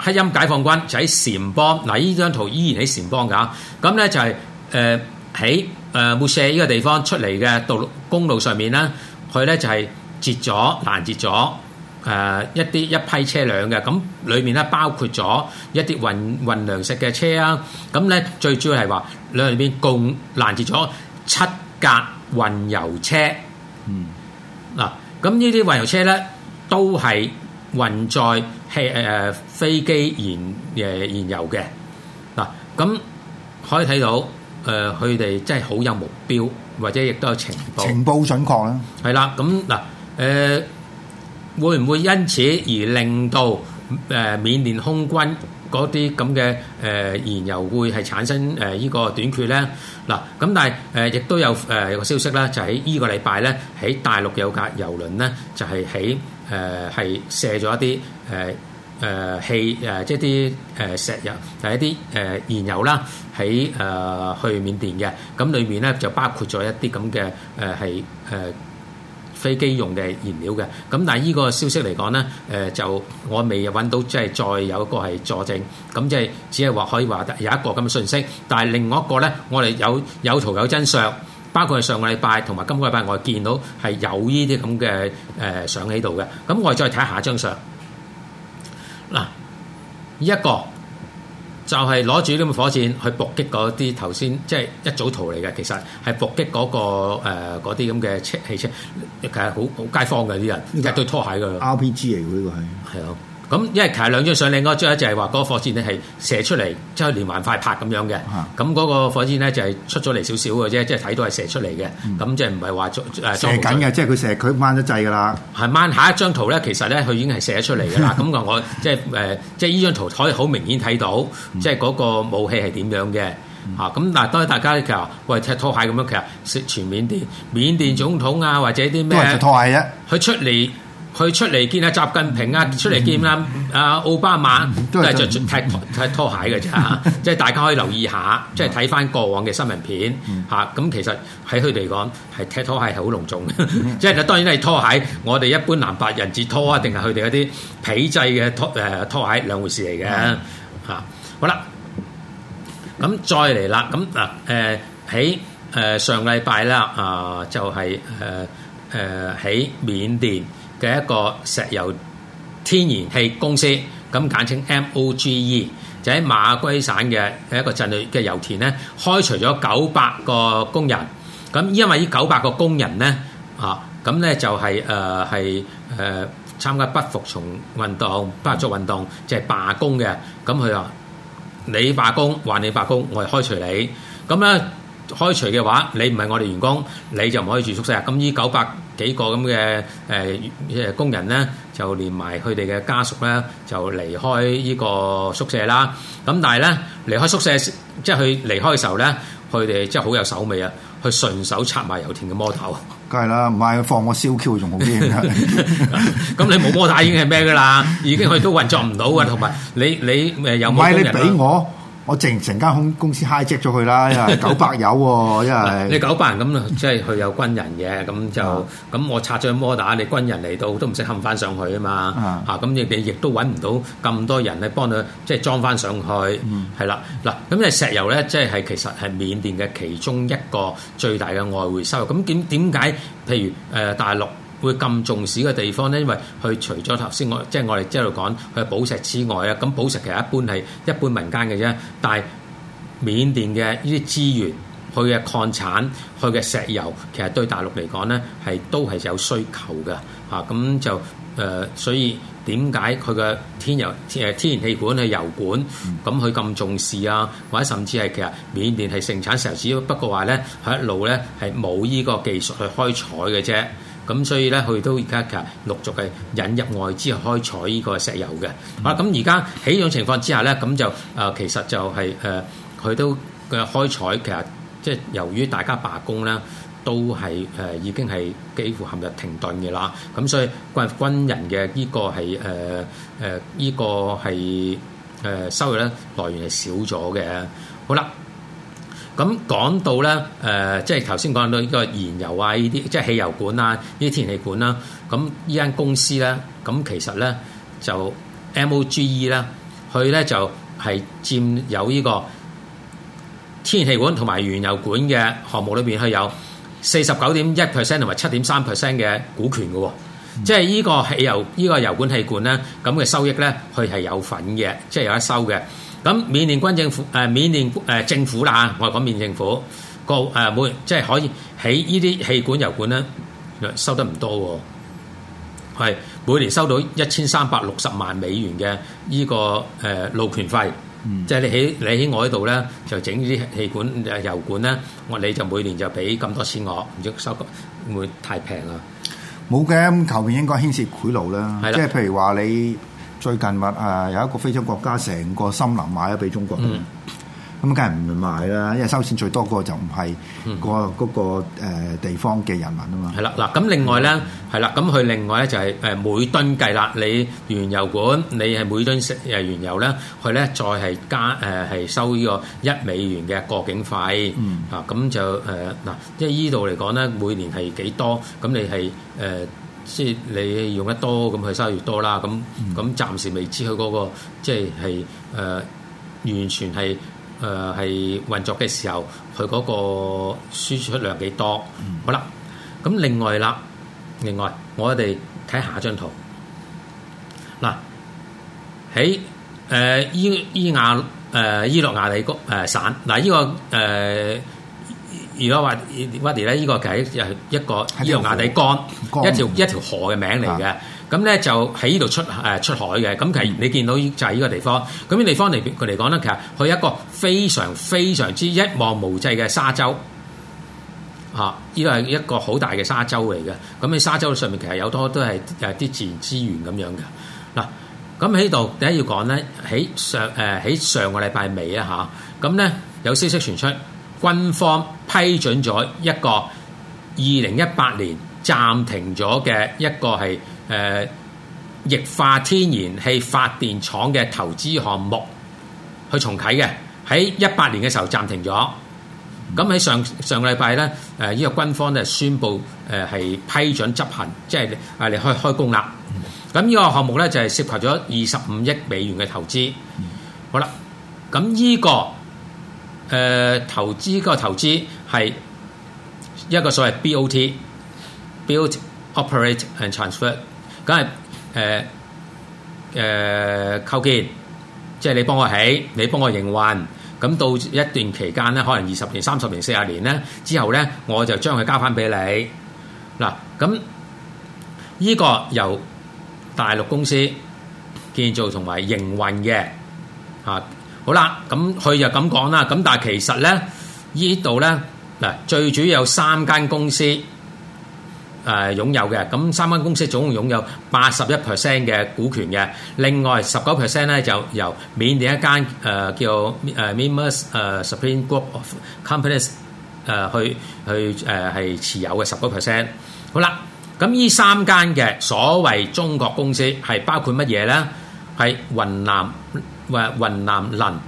克欽解放軍就喺撣邦，嗱呢張圖依然喺撣邦㗎，咁咧就係誒喺誒木舍呢個地方出嚟嘅道路公路上面咧，佢咧就係截咗、攔截咗誒一啲一批車輛嘅，咁裏面咧包括咗一啲運運糧食嘅車啊，咁咧最主要係話兩邊共攔截咗七架運油車，嗱，咁呢啲運油車咧都係，運載氣誒飛機燃誒燃油嘅嗱，咁可以睇到誒佢哋真係好有目標，或者亦都有情報情報準確啦。係啦，咁嗱誒，會唔會因此而令到誒緬甸空軍嗰啲咁嘅誒燃油會係產生誒呢個短缺咧？嗱，咁但係誒亦都有誒有個消息啦，就喺呢個禮拜咧，喺大陸有架油輪咧，就係喺。誒係卸咗一啲誒誒氣誒，即係啲誒石油，就係一啲誒燃油啦，喺誒去緬甸嘅。咁裏面咧就包括咗一啲咁嘅誒係誒飛機用嘅燃料嘅。咁但係呢個消息嚟講咧，誒就我未揾到，即係再有一個係佐證。咁即係只係話可以話得有一個咁嘅信息，但係另外一個咧，我哋有有圖有真相，包括係上個禮拜同埋今個禮拜，我係見到係有呢啲咁嘅誒相喺度嘅。咁我哋再睇下張相。嗱，依一個就係攞住呢咁火箭去伏擊嗰啲頭先，即係一組圖嚟嘅。其實係伏擊嗰、嗰個嗰啲咁嘅車汽車，係好好街坊嘅啲人，係對拖鞋嘅。呢個、RPG 嚟嘅呢個係係啊。咁因為其實兩張相，另一張就係話嗰個火箭咧係射出嚟，即、就、係、是、連環快拍咁樣嘅。咁、那、嗰個火箭咧就係、是、出咗嚟少少嘅啫，即係睇到係射出嚟嘅。咁即係唔係話誒緊嘅，即係佢射佢掹咗掣㗎啦。係掹。下一張圖咧，其實咧佢已經係射咗出嚟㗎啦。咁 我即係即係呢張圖可以好明顯睇到，即係嗰個武器係點樣嘅嚇。咁、嗯、嗱，啊、當然大家咧喂踢拖鞋咁樣，其實全緬甸，緬甸總統啊、嗯、或者啲咩都係踢拖鞋啫。佢出嚟。去出嚟見下習近平來啊，出嚟見啦，阿奧巴馬、嗯、都係著踢踢拖鞋嘅啫，即係大家可以留意下，即係睇翻過往嘅新聞片嚇。咁、嗯啊、其實喺佢哋嚟講，係踢拖鞋係好隆重嘅，即 係當然係拖鞋。我哋一般藍白人字拖啊，定係佢哋嗰啲皮製嘅拖誒、呃、拖鞋兩回事嚟嘅嚇。好啦，咁再嚟啦，咁嗱誒喺誒上禮拜啦啊，就係誒誒喺緬甸。嘅一個石油天然氣公司，咁簡稱 MOGE，就喺馬圭省嘅一個鎮裏嘅油田咧，開除咗九百個工人。咁因為呢九百個工人咧，啊，咁咧就係誒係誒參加不服從運動、不合作運動，即係罷工嘅。咁佢話：你罷工，話你罷工，我係開除你。咁咧。開除嘅話，你唔係我哋員工，你就唔可以住宿舍啊！咁呢九百幾個咁嘅誒工人咧，就連埋佢哋嘅家屬咧，就離開呢個宿舍啦。咁但係咧，離開宿舍即係佢離開嘅時候咧，佢哋即係好有手尾啊！去順手拆埋油田嘅摩打，梗係啦，唔係放個燒 Q 仲好啲。咁你冇摩打已經係咩㗎啦？已經佢都運作唔到㗎，同埋你你誒有冇？唔係你俾我。我剩成間空公司 high 咗佢啦，因為九百有，因為 真是笑、啊、你九百人咁即係佢有軍人嘅，咁就咁、嗯嗯、我拆咗佢摩打，你軍人嚟到都唔識冚翻上去啊嘛，嚇、嗯、咁、啊、你亦都揾唔到咁多人咧幫佢，即係裝翻上去，係、嗯、啦、嗯，嗱咁即係石油咧，即係係其實係緬甸嘅其中一個最大嘅外匯收入。咁點點解譬如誒、呃、大陸會咁重視嘅地方咧，因為佢除咗頭先我即係我哋一路講佢寶石之外啊，咁寶石其實一般係一般民間嘅啫。但係緬甸嘅呢啲資源，佢嘅礦產，佢嘅石油，其實對大陸嚟講咧係都係有需求嘅。啊，咁就誒、呃，所以點解佢嘅天油誒、呃、天然氣管係油管咁佢咁重視啊？或者甚至係其實緬甸係盛產石油，只不過話咧佢一路咧係冇呢個技術去開採嘅啫。咁所以咧，佢都而家其實陸續係引入外資開採呢個石油嘅。啊，咁而家喺呢種情況之下咧，咁就誒其實就係誒佢都嘅開採，其實即係由於大家罷工啦，都係誒、呃、已經係幾乎陷入停頓嘅啦。咁所以軍軍人嘅呢個係誒誒呢個係誒、呃、收入咧來源係少咗嘅。好啦。咁講到咧，誒，即係頭先講到依個燃油啊，依啲即係汽油管啊，依啲天然氣管啦。咁依間公司咧，咁其實咧就 MOGE 咧，佢咧就係佔有依個天然氣管同埋原油管嘅項目裏邊，佢有四十九點一 percent 同埋七點三 percent 嘅股權嘅喎。即係依個汽油依個油管氣管咧，咁嘅收益咧，佢係有份嘅，即係有得收嘅。咁緬甸軍政府，誒緬甸誒政府啦，我哋講緬政府，個誒每即係可以起依啲氣管油管咧，收得唔多喎，係每年收到一千三百六十萬美元嘅依個誒路權費，即係你起你起我呢度咧，就整依啲氣管誒油管咧，我你就每年就俾咁多錢我，唔知收唔會太平啊？冇嘅，求其應該牽涉賄賂啦，即係譬如話你。最近物啊，有一個非洲國家成個森林賣咗俾中國，咁梗係唔會買啦，因為收錢最多個就唔係個嗰個誒地方嘅人民啊嘛。係啦，嗱咁另外咧係啦，咁佢另外咧就係誒每噸計啦，你原油管你係每噸原油咧，佢咧再係加誒係收呢個一美元嘅過境費啊，咁就誒嗱，即係依度嚟講咧，每年係幾多？咁你係誒。即係你用得多，咁佢收入越多啦。咁咁暫時未知佢嗰、嗰個即係係誒完全係誒係運作嘅時候，佢嗰個輸出量幾多？嗯、好啦，咁另外啦，另外我哋睇下張圖。嗱喺誒伊伊亞誒、呃、伊洛瓦底谷誒省嗱呢、呃這個誒。呃如果話，Wadi 咧，依個係一一個伊洛瓦底江一條一條河嘅名嚟嘅，咁咧就喺依度出誒出海嘅。咁其實你見到就係依個地方。咁啲地方嚟佢嚟講咧，其實佢一個非常非常之一望無際嘅沙洲。嚇，依個係一個好大嘅沙洲嚟嘅。咁喺沙洲上面其實有多都係誒啲自然資源咁樣嘅。嗱，咁喺呢度第一要講咧，喺上誒喺上個禮拜尾啊嚇，咁咧有消息傳出。軍方批准咗一個二零一八年暫停咗嘅一個係誒液化天然氣發電廠嘅投資項目去重啟嘅，喺一八年嘅時候暫停咗。咁喺上上個禮拜咧，誒呢個軍方咧宣布誒係批准執行，即係啊，你開開工啦。咁呢個項目咧就係涉及咗二十五億美元嘅投資。好啦，咁呢個。誒投資個投資係一個所謂 BOT，build，operate and transfer，梗係誒誒構建，即係你幫我起，你幫我營運，咁到一段期間咧，可能二十年、三十年、四十年咧，之後咧，我就將佢交翻俾你。嗱，咁呢個由大陸公司建造同埋營運嘅，嚇。好啦，咁佢就咁講啦，咁但係其實咧，依度咧嗱，最主要有三間公司誒擁有嘅，咁三間公司總共擁有八十一 percent 嘅股權嘅，另外十九 percent 咧就由緬甸一間誒叫誒 Minus 誒 Supreme Group of Companies 誒去去誒係持有嘅十九 percent。好啦，咁依三間嘅所謂中國公司係包括乜嘢咧？係雲南。話雲南能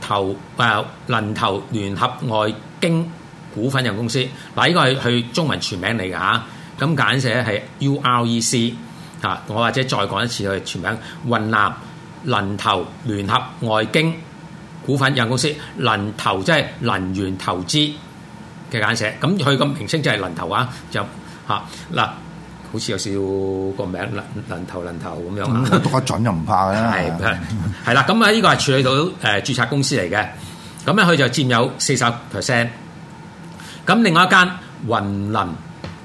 投，誒能投聯合外經股份有限公司，嗱呢個係佢中文全名嚟㗎嚇，咁簡寫係 UREC，啊，我或者再講一次佢全名，雲南能投聯合外經股份有限公司，能投即係能源投資嘅簡寫，咁佢個名稱就係能投啊，就嚇嗱。好似有少少個名輪頭輪頭咁樣啊！讀得準就唔怕嘅啦。係係啦，咁啊呢個係處理到誒註冊公司嚟嘅。咁咧佢就佔有四十 percent。咁另外一間雲林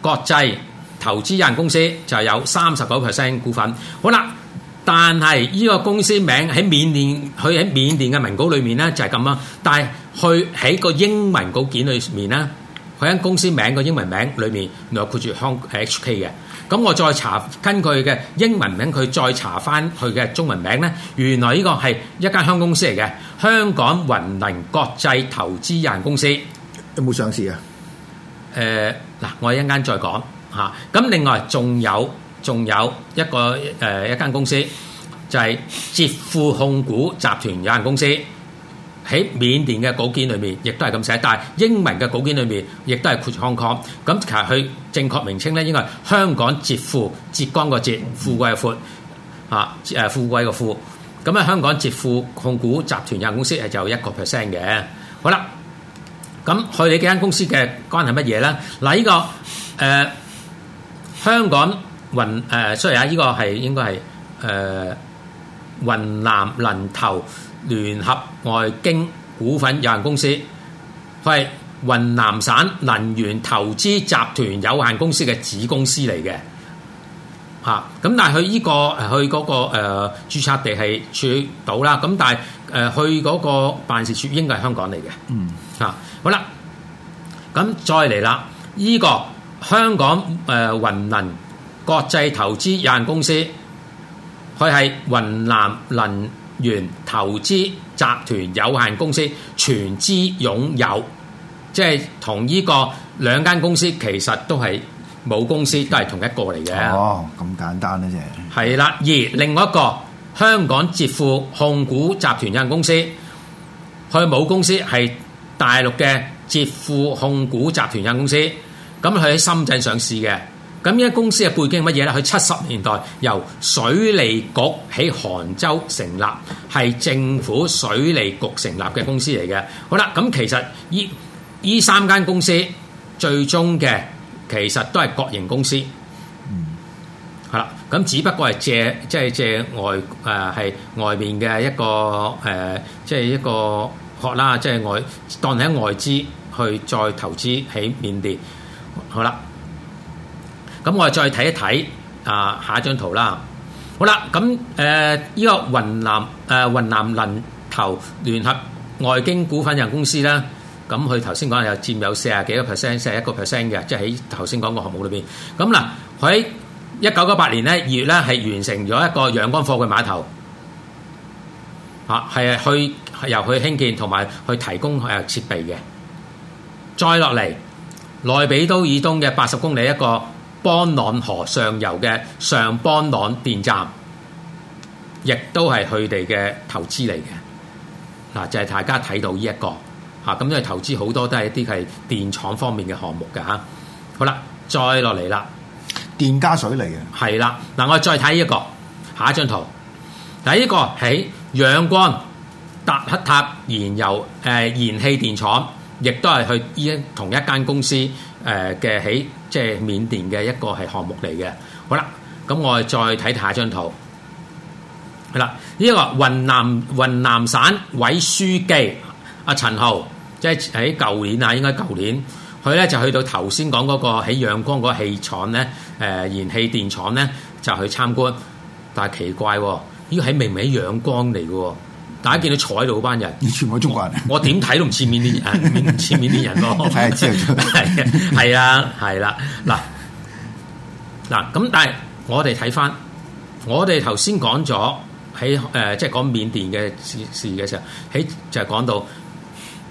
國際投資有限公司就有三十九 percent 股份。好啦，但係呢個公司名喺緬甸，佢喺緬甸嘅文稿裏面咧就係咁啦。但係佢喺個英文稿件裏面咧。佢間公司名個英文名裏面有括住香 HK 嘅，咁我再查根據嘅英文名，佢再查翻佢嘅中文名咧，原來呢個係一間香公司嚟嘅，香港雲林國際投資有限公司，有冇上市啊？誒嗱，我一陣間再講嚇，咁另外仲有仲有一個誒一間公司就係捷富控股集團有限公司。喺緬甸嘅稿件裏面，亦都係咁寫，但係英文嘅稿件裏面，亦都係括住 Hong Kong。咁其實佢正確名稱咧，應該係香港浙富，浙江個浙，富貴嘅富，嚇誒富貴嘅富。咁啊，香港浙富控股集團有限公司係就一個 percent 嘅。好啦，咁佢哋幾間公司嘅關係乜嘢咧？嗱，依個誒香港雲誒雖然啊，依個係應該係誒雲南雲投。聯合外經股份有限公司，佢係雲南省能源投資集團有限公司嘅子公司嚟嘅，吓咁但係佢呢個佢嗰個誒註冊地係處到啦，咁但係誒去嗰個辦事處應該係香港嚟嘅，嗯嚇好啦，咁再嚟啦，呢個香港誒雲能國際投資有限公司，佢係雲南能。原投資集團有限公司全資擁有，即係同呢個兩間公司其實都係母公司都係同一個嚟嘅。哦，咁簡單啫，係啦。而另外一個香港捷富控股集團有限公司，佢母公司係大陸嘅捷富控股集團有限公司，咁佢喺深圳上市嘅。咁呢間公司嘅背景乜嘢咧？佢七十年代由水利局喺杭州成立，係政府水利局成立嘅公司嚟嘅。好啦，咁其實呢呢三間公司最終嘅其實都係國營公司。嗯，係啦。咁只不過係借即係借外誒係外面嘅一個誒，即係一個殼啦，即係外當你喺外資去再投資喺緬甸。好啦。咁我哋再睇一睇啊，下張圖啦。好啦，咁誒依個雲南誒雲南輪頭聯合外經股份有限公司啦。咁佢頭先講有佔有四十幾個 percent，四十一個 percent 嘅，即係喺頭先講個項目裏邊。咁嗱，佢喺一九九八年咧，二月咧係完成咗一個陽江貨櫃碼頭，嚇係去由去興建同埋去提供誒設備嘅。再落嚟，內比都以東嘅八十公里一個。邦朗河上游嘅上邦朗電站，亦都係佢哋嘅投資嚟嘅。嗱，就係、是、大家睇到呢、這、一個，吓，咁因為投資好多都係一啲係電廠方面嘅項目嘅吓。好啦，再落嚟啦，電加水嚟嘅，係啦。嗱，我再睇一、這個，下一張圖。嗱，呢個喺仰光達克塔燃油誒燃氣電廠，亦都係去依同一間公司。誒嘅喺即係緬甸嘅一個係項目嚟嘅，好啦，咁我再睇下張圖，係啦，呢個雲南雲南省委書記阿陳豪，即係喺舊年啊，應該舊年，佢咧就去到頭先講嗰個喺陽光嗰個氣廠咧，誒、呃、燃氣電廠咧就去參觀，但係奇怪喎，呢個喺明明喺陽光嚟嘅喎。大家見到坐喺度嗰班人，全部中國人。我點睇都唔似緬甸人，唔 似緬甸人咯。係， 係啊，係啦，嗱，嗱， 咁但係我哋睇翻，我哋頭先講咗喺誒，即係、呃就係、講緬甸嘅事嘅時候，喺就係、係、講到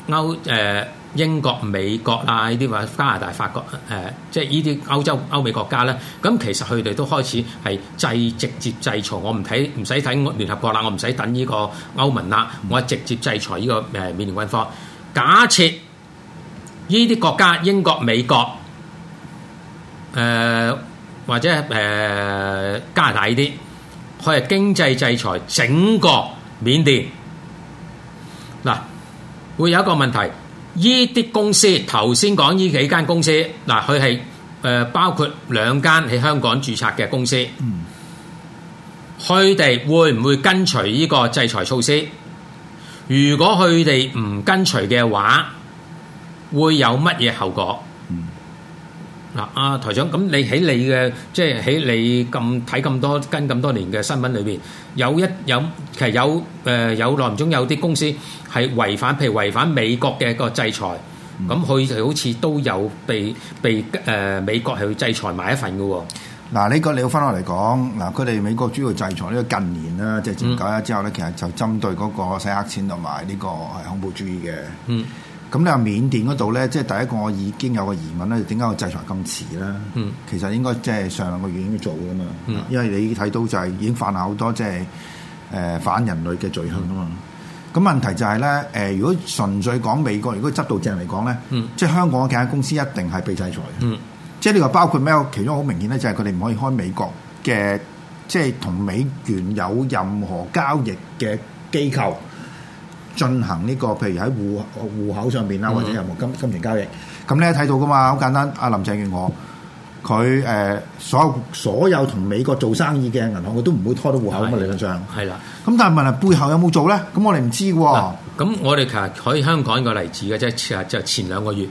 歐誒。呃英國、美國啊，呢啲或者加拿大、法國誒、呃，即係呢啲歐洲歐美國家咧，咁其實佢哋都開始係制直接制裁，我唔睇唔使睇聯合國啦，我唔使等呢個歐盟啦，我直接制裁呢個誒緬甸軍方。假設呢啲國家英國、美國誒、呃、或者誒、呃、加拿大呢啲，佢係經濟制裁整個緬甸嗱，會有一個問題。呢啲公司，頭先講呢幾間公司，嗱，佢係誒包括兩間喺香港註冊嘅公司，佢哋會唔會跟隨呢個制裁措施？如果佢哋唔跟隨嘅話，會有乜嘢後果？嗱、啊，阿台長，咁你喺你嘅，即係喺你咁睇咁多跟咁多年嘅新聞裏邊，有一有其實有誒、呃、有內中有啲公司係違反，譬如違反美國嘅個制裁，咁佢就好似都有被被誒、呃、美國係去制裁埋一份㗎喎、啊啊。嗱、這個，呢個你要翻落嚟講，嗱，佢哋美國主要制裁呢、這個近年啦，即係戰爭解咗之後咧、嗯，其實就針對嗰個洗黑錢同埋呢個係恐怖主義嘅。嗯咁你話緬甸嗰度咧，即係第一個我已經有個疑問咧，點解個制裁咁遲咧？嗯，其實應該即係上兩個月已經做㗎嘛、嗯，因為你睇到就係已經犯下好多即、就、係、是呃、反人類嘅罪行啊嘛。咁、嗯、問題就係、是、咧、呃，如果純粹講美國，如果執到正嚟講咧、嗯，即係香港嘅間公司一定係被制裁嘅。嗯，即係呢個包括咩？其中好明顯咧，就係佢哋唔可以開美國嘅，即係同美元有任何交易嘅機構。進行呢、這個譬如喺戶戶口上邊啊，或者任何金金錢交易，咁、嗯、你睇到噶嘛？好簡單，阿林鄭月娥佢誒、呃、所有所有同美國做生意嘅銀行，佢都唔會拖到戶口理論上。係啦，咁但係問下背後有冇做咧？咁我哋唔知喎。咁、嗯、我哋其實可以香港一個例子嘅即其實就是、前兩個月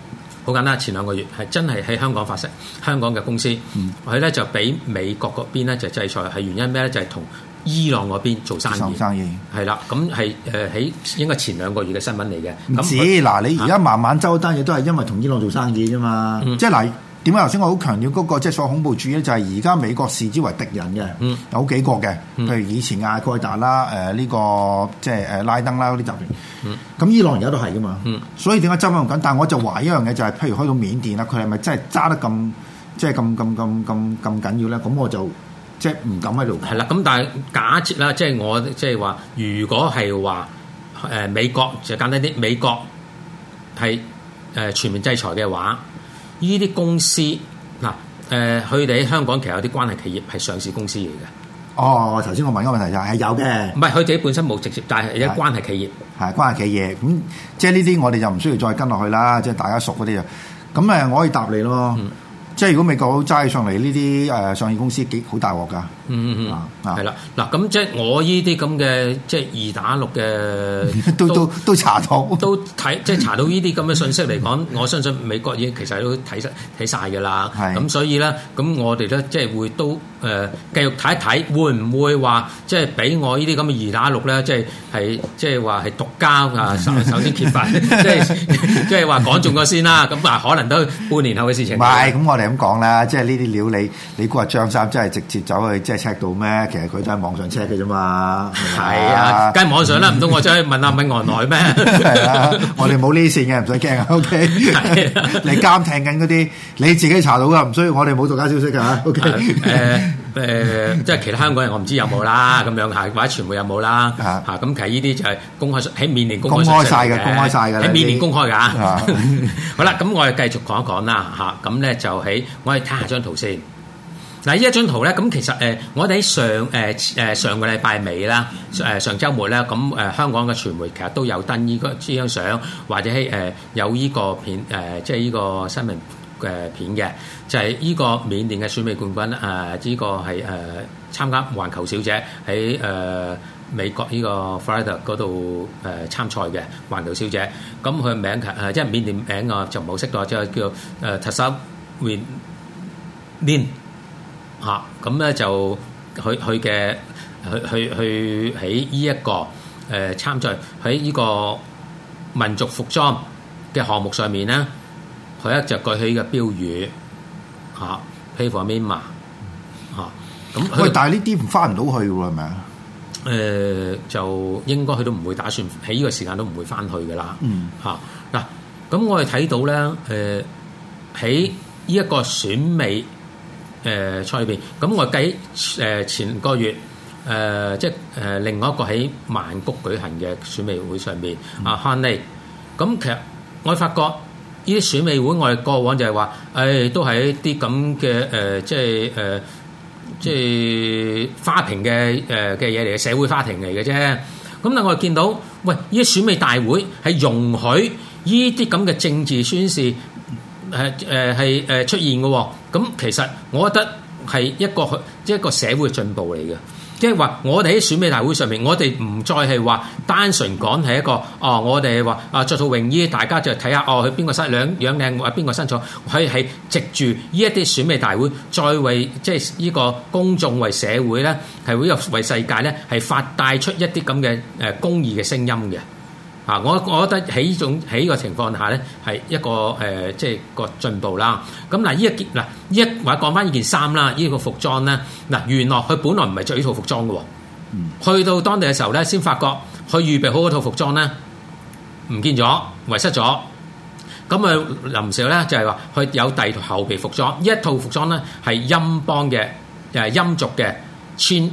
好簡單，前兩個月係真係喺香港發生，香港嘅公司，佢、嗯、咧就俾美國嗰邊咧就是、制裁，係原因咩咧？就係同。伊朗嗰邊做生意，做生意，係啦，咁係誒喺應該前兩個月嘅新聞嚟嘅。唔知，嗱、啊、你而家慢慢執單嘢都係因為同伊朗做生意啫嘛。即係嗱，點解頭先我好強調嗰、那個即係、就是、所謂恐怖主義咧？就係而家美國視之為敵人嘅、嗯，有幾個嘅，譬、嗯、如以前的阿蓋達啦、誒、呃、呢、這個即係誒拉登啦嗰啲集團。咁、嗯、伊朗而家都係噶嘛、嗯？所以點解執緊？但係我就懷疑一樣嘢就係、是，譬如去到緬甸啦，佢係咪真係揸得咁即係咁咁咁咁咁緊要咧？咁我就。即係唔敢喺度。係啦，咁但係假設啦，即係我即係話，如果係話誒美國就簡單啲，美國係誒、呃、全面制裁嘅話，呢啲公司嗱誒，佢哋喺香港其實有啲關係企業係上市公司嚟嘅。哦，頭先我問一個問題就係有嘅，唔係佢哋本身冇直接，但係有關係企業係關係企業。咁即係呢啲我哋就唔需要再跟落去啦，即係大家熟嗰啲啊。咁誒，我可以答你咯。嗯即係如果美國齋上嚟呢啲誒，上市呃公司幾好大鑊㗎？嗯嗯嗯，係、啊、啦，嗱咁即係我呢啲咁嘅即係二打六嘅，都都都查到，都睇即係查到呢啲咁嘅信息嚟講，嗯，我相信美國已經其實都睇晒，睇晒噶啦。咁所以咧，咁我哋咧即係會都誒、呃、繼續睇一睇，會唔會話即係俾我呢啲咁嘅二打六咧？即係係，即係話係獨家啊， 首先揭發， 即係即係話講中咗先啦。咁啊，可能都半年後嘅事情。唔係，咁我哋咁講啦，即係呢啲料理，你估話張三真係直接走去即係。check 到咩？其實佢都係網上 check 嘅啫嘛。係啊，梗係網上啦，唔通我走去問下問外來咩？我哋冇呢啲線嘅，唔使驚啊。O K，你監聽緊嗰啲你自己查到噶，唔需要我哋冇做假消息噶。O K，誒誒，即係其他香港人，我唔知有冇啦。咁樣嚇，或者全部有冇啦嚇。嚇咁其實呢啲就係公開喺面面公開曬嘅，公開曬嘅喺面面公開㗎。好啦，咁我哋繼續講一講啦嚇。咁咧就喺我哋睇下張圖先。嗱，呢一張圖咧，咁其實我哋喺上上個禮拜尾啦，上週末啦咁香港嘅傳媒其實都有登呢個呢張相，或者係有呢個片即係呢個新聞嘅片嘅，就係、是、呢個緬甸嘅選美冠軍誒，呢、呢個係誒參加環球小姐喺誒美國呢個 Florida 嗰度誒參賽嘅環球小姐。咁佢名即係緬甸名個，全部寫即就叫誒 Tha Saw Win Din。嚇，咁咧就佢佢嘅佢佢佢喺呢一個誒、呃、參賽喺呢個民族服裝嘅項目上面咧，佢一隻舉起嘅標語嚇，Pray for Myanmar 嘛咁。喂，但係呢啲唔翻唔到去喎係咪啊？誒、呃，就應該佢都唔會打算喺呢個時間都唔會翻去㗎啦。嗯，嚇，嗱，咁我哋睇到咧誒喺呢一、呃、個選美。嗯嗯誒賽裏邊，咁我計誒前個月誒，即係誒另外一個喺曼谷舉行嘅選美會上邊啊，哈、嗯、尼。咁其實我發覺呢啲選美會，我哋過往就係話，誒、哎、都係一啲咁嘅誒，即係誒、呃、即係花瓶嘅誒嘅嘢嚟嘅，社會花瓶嚟嘅啫。咁啦，我哋見到，喂，呢啲選美大會係容許呢啲咁嘅政治宣示。誒、呃、係出現嘅，咁其實我覺得係一個即係一個社會進步嚟嘅，即係話我哋喺選美大會上面，我哋唔再係話單純講係一個哦，我哋係話啊着套泳衣，大家就睇下哦，佢邊個身兩樣靚，或者邊個身材，可以喺藉住呢一啲選美大會，再為即係呢個公眾為社會咧，係會為世界咧，係發帶出一啲咁嘅公義嘅聲音嘅。啊！我我覺得喺依種喺依個情況下咧，係一個誒，即係個進步啦。咁嗱，依一件嗱依一或者講翻依件衫啦，依個服裝咧，嗱原來佢本來唔係著依套服裝嘅喎，去到當地嘅時候咧，先發覺佢預備好嗰套服裝咧唔見咗，遺失咗。咁啊，林少咧就係話佢有第二套後備服裝，依一套服裝咧係陰邦嘅誒陰族嘅穿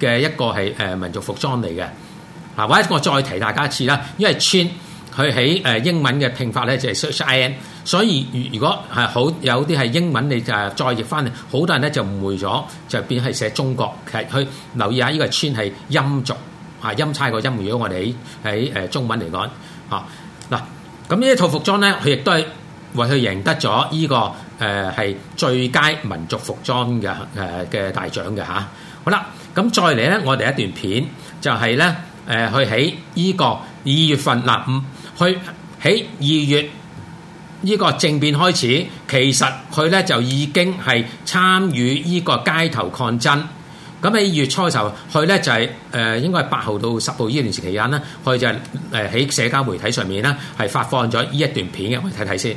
嘅一個係誒民族服裝嚟嘅。嗱，或者我再提大家一次啦，因為欽佢喺誒英文嘅拼法咧就係 Chin，o 所以如果係好有啲係英文，你誒再譯翻嚟。好多人咧就誤會咗，就變係寫中國。其實去留意一下呢個欽係欽族，啊欽差嗰欽誤咗我哋喺誒中文嚟講啊嗱，咁呢一套服裝咧，佢亦都係為佢贏得咗呢個誒係最佳民族服裝嘅誒嘅大獎嘅嚇。好、啊、啦，咁再嚟咧，我哋一段片就係、是、咧。誒去喺依個二月份嗱，佢喺二月呢個政變開始，其實佢咧就已經係參與呢個街頭抗爭。咁喺二月初嘅時候，佢咧就係、是、誒、呃、應該係八號到十號呢段時期間啦，佢就誒喺社交媒體上面啦，係發放咗呢一段片嘅，我哋睇睇先。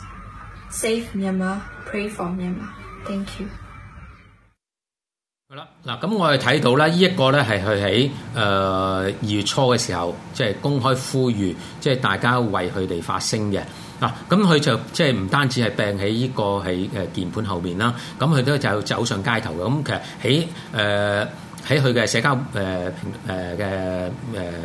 Save Yama, pray for Yama, thank you。好啦，嗱咁、嗯、我哋睇到咧，呢、這、一個咧係佢喺誒二月初嘅時候，即、就、係、是、公開呼籲，即、就、係、是、大家為佢哋發聲嘅嗱。咁、嗯、佢就即係唔單止係病喺呢、這個係誒鍵盤後面啦，咁佢都就走上街頭嘅。咁其實喺誒。呃喺佢嘅社交誒平嘅誒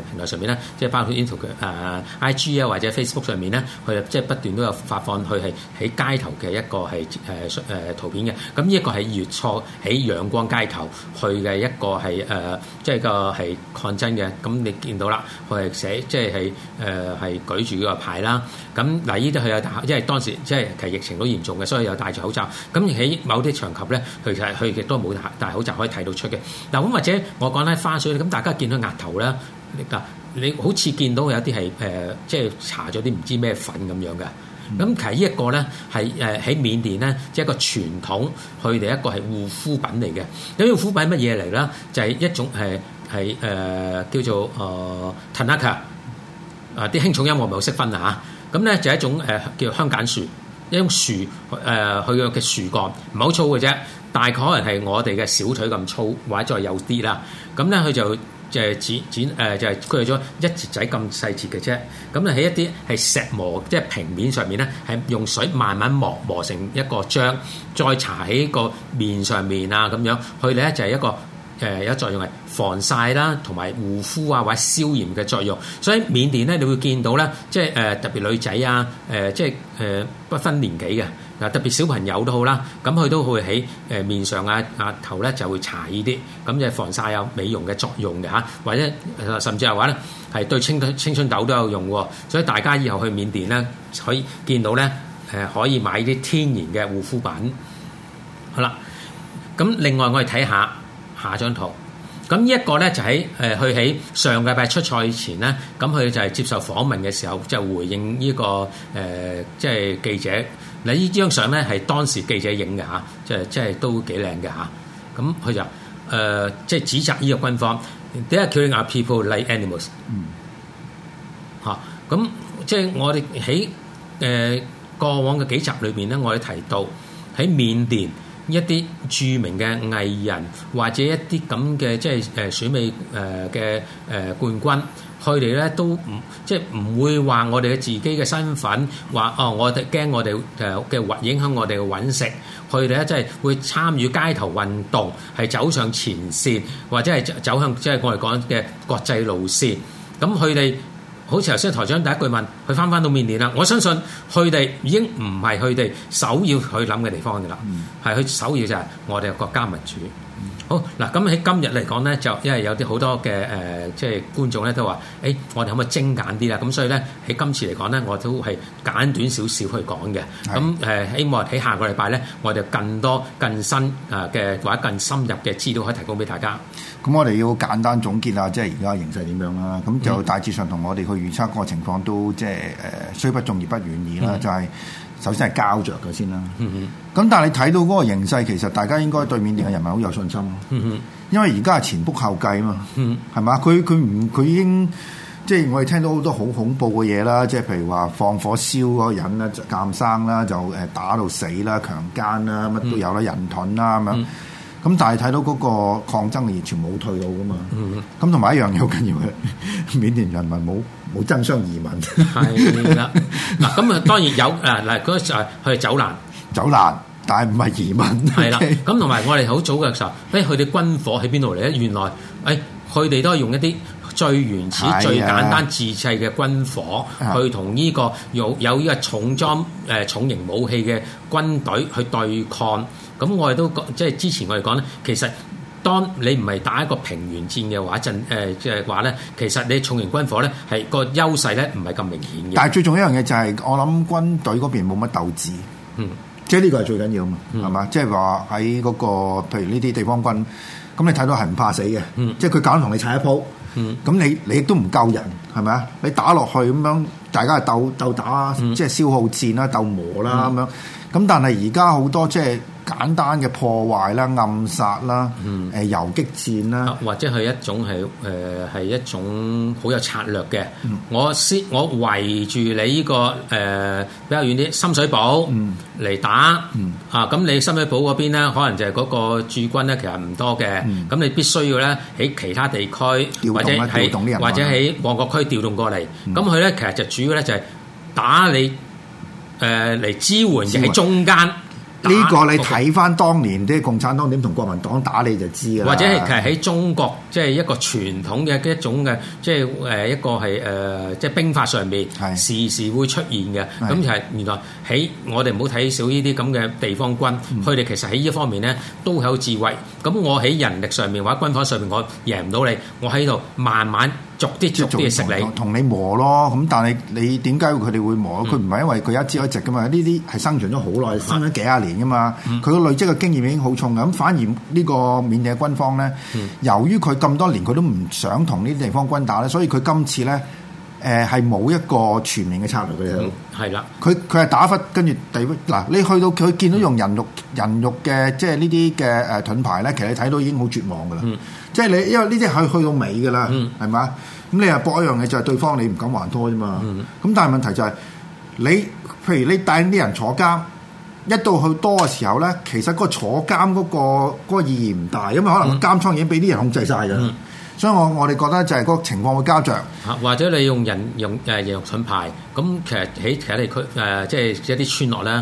平台上面咧，即係包括 Instagram 啊、IG 啊或者 Facebook 上面咧，佢即係不斷都有發放佢係喺街頭嘅一個係誒誒圖片嘅。咁呢一個係月初喺陽光街頭，佢嘅一個係誒即係個係抗爭嘅。咁你見到啦，佢係寫即係誒係舉住個牌啦。咁嗱，依啲佢有戴，因為當時即係其疫情都嚴重嘅，所以有戴住口罩。咁而喺某啲場合咧，佢就係佢亦都冇戴口罩可以睇到出嘅。咁或者我講咧花水咁大家見到額頭咧，嗱你好似見到有啲係誒，即係搽咗啲唔知咩粉咁樣嘅。咁、嗯、其實依一個咧係誒喺緬甸咧，即係一個傳統，佢哋一個係護膚品嚟嘅。那個、護膚品乜嘢嚟咧？就係、是、一種係係誒叫做誒 thanaka 啊啲輕重音我唔係好識分啊嚇。咁、嗯、咧就係、是、一種誒、呃、叫做香楝樹，一種樹誒佢嘅樹幹，唔係好粗嘅啫。大概可能係我哋嘅小腿咁粗，或者再有啲啦。咁咧佢就誒剪剪誒就係割咗一截仔咁細截嘅啫。咁就喺一啲係石磨，即、就、係、係、平面上面咧係用水慢慢磨磨成一個漿，再搽喺個面上面啊咁樣，佢咧就係、係、一個誒、呃、有一個作用係防曬啦，同埋護膚啊或者消炎嘅作用。所以緬甸咧，你會見到咧，即係誒、呃、特別女仔啊，誒、呃、即係誒、呃、不分年紀嘅。嗱，特別小朋友都好啦，咁佢都會喺誒面上啊額頭咧就會搽呢啲，咁就防曬有美容嘅作用嘅嚇，或者甚至係話咧係對青青春痘都有用喎。所以大家以後去緬甸咧，可以見到咧誒，可以買啲天然嘅護膚品。好啦，咁另外我哋睇下下張圖，咁呢一個咧就喺誒佢喺上個禮拜出賽前咧，咁佢就係接受訪問嘅時候就回應呢、呢個誒、呃，即係記者。嗱，呢張相咧係當時記者影嘅嚇，即係即係都幾靚嘅嚇。咁佢就誒即係指責呢個軍方，點解佢 killing people like animals？咁、嗯啊、即係我哋喺誒過往嘅幾集裏邊咧，我哋提到喺緬甸一啲著名嘅藝人或者一啲咁嘅即係誒選美誒嘅誒冠軍。佢哋咧都唔即係唔會話我哋嘅自己嘅身份，話哦，我哋驚我哋誒嘅揾影響我哋嘅揾食，佢哋咧即係會參與街頭運動，係走上前線，或者係走向即係我哋講嘅國際路線。咁佢哋好似頭先台長第一句問，佢翻翻到面年啦。我相信佢哋已經唔係佢哋首要去諗嘅地方噶啦，係佢首要就係我哋嘅國家民主。好嗱，咁喺今日嚟講咧，就因為有啲好多嘅誒、呃，即係觀眾咧都話，誒、欸，我哋可唔可以精簡啲啦？咁所以咧，喺今次嚟講咧，我都係簡短少少去講嘅。咁誒、呃，希望喺下個禮拜咧，我哋更多、更新啊嘅或者更深入嘅資料可以提供俾大家。咁我哋要簡單總結下，即係而家形勢點樣啦？咁就大致上同我哋去預測個情況都即係誒，雖不中而不遠矣啦。就係、是。首先係膠着嘅先啦，咁、嗯、但係你睇到嗰個形勢，其實大家應該對緬甸嘅人民好有信心、嗯、因為而家係前仆後繼啊嘛，係、嗯、嘛？佢佢唔佢已經即係我哋聽到好多好恐怖嘅嘢啦，即係譬如話放火燒嗰個人啦、監生啦、就誒打到死啦、強奸啦乜都有啦、人盾啦咁樣。咁、嗯、但係睇到嗰個抗爭完全冇退路噶嘛。咁同埋一樣好緊要嘅，緬甸人民冇。冇爭相移民，係啦嗱，咁啊當然有啊嗱，嗰個時候係走難，走難，但係唔係移民，係啦。咁同埋我哋好早嘅時候，誒佢哋軍火喺邊度嚟咧？原來誒，佢哋都係用一啲最原始、最簡單自製嘅軍火，去同呢個有有呢個重裝誒重型武器嘅軍隊去對抗。咁我哋都即係之前我哋講咧，其實。當你唔係打一個平原戰嘅話陣，誒即係話咧，其實你重型軍火咧係個優勢咧唔係咁明顯嘅。但係最重要一樣嘢就係，我諗軍隊嗰邊冇乜鬥志，嗯，即係呢個係最緊要啊嘛，係、嗯、嘛？即係話喺嗰個譬如呢啲地方軍，咁你睇到係唔怕死嘅、嗯，即係佢敢同你踩一鋪，咁、嗯、你你都唔夠人，係咪啊？你打落去咁樣，大家係鬥鬥打即係、就是、消耗戰啦，鬥磨啦咁樣。咁但係而家好多即係。簡單嘅破壞啦、暗殺啦、誒、嗯、遊擊戰啦，或者係一種係誒係一種好有策略嘅、嗯。我先我圍住你呢、呢個誒、呃、比較遠啲深水埗嚟打、嗯、啊！咁你深水埗嗰邊咧，可能就係嗰個駐軍咧，其實唔多嘅。咁、嗯、你必須要咧喺其他地區調或者喺或者喺旺角區調動過嚟。咁佢咧其實就主要咧就係打你誒嚟、呃、支援，而喺中間。呢個你睇翻當年啲共產黨點同國民黨打你就知啦，或者係其實喺中國即係一個傳統嘅一種嘅即係誒一個係誒即係兵法上面，時時會出現嘅。咁就係原來喺我哋唔好睇少呢啲咁嘅地方軍，佢哋其實喺呢一方面咧都有智慧。咁我喺人力上面或者軍火上面我贏唔到你，我喺度慢慢。逐啲逐啲同你，你磨咯。咁但係你點解佢哋會磨？佢唔係因為佢一朝一夕噶嘛？呢啲係生存咗好耐，生咗幾廿年噶嘛。佢個累積嘅經驗已經好重。咁反而呢個緬甸軍方咧，由於佢咁多年佢都唔想同呢啲地方軍打咧，所以佢今次咧。誒係冇一個全面嘅策略嘅嘢，係、嗯、啦，佢佢係打忽跟住地獄嗱，你去到佢見到用人肉、嗯、人肉嘅即係呢啲嘅誒盾牌咧，其實睇到已經好絕望噶啦，即係你因為呢啲係去到尾噶啦，係、嗯、嘛？咁你又博一樣嘢就係、是、對方你唔敢還拖啫嘛，咁、嗯、但係問題就係、是、你譬如你帶啲人坐監，一到去多嘅時候咧，其實嗰個坐監嗰、那個那個意義唔大，因為可能個監倉已經俾啲人控制晒噶。嗯嗯嗯。所以我我哋覺得就係嗰個情況會加著，或者你用人用誒藥品排，咁其實喺其他地區誒，即、呃、係、就是、一啲村落咧，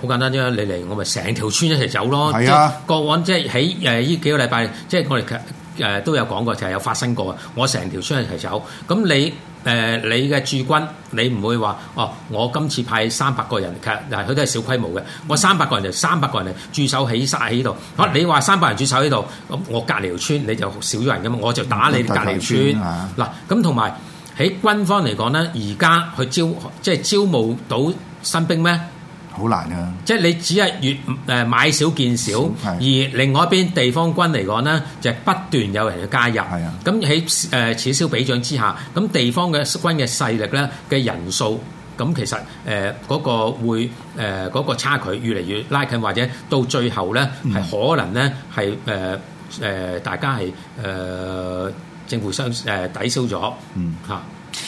好簡單啫，你嚟我咪成條村一齊走咯。係啊，個案即係喺誒呢幾個禮拜，即、就、係、是、我哋誒、呃、都有講過，就係、是、有發生過啊，我成條村一齊走，咁你。誒、呃，你嘅駐軍，你唔會話哦，我今次派三百個人，其實嗱，佢都係小規模嘅。我三百個人就三百個人嚟駐守起曬喺度。我、嗯哦、你話三百人駐守喺度，咁我隔離村你就少咗人㗎嘛，我就打你隔離村。嗱、嗯，咁同埋喺軍方嚟講咧，而家去招即係招募到新兵咩？好難噶、啊，即係你只係越誒買少見少，而另外一邊地方軍嚟講呢，就係、係、不斷有人嘅加入。係啊，咁喺誒此消彼長之下，咁地方嘅軍嘅勢力呢，嘅人數，咁其實誒嗰個會誒嗰、嗰個差距越嚟越拉近，或者到最後呢，係可能呢，係誒誒大家係誒、呃、政府相誒、呃、抵消咗。嗯，吓。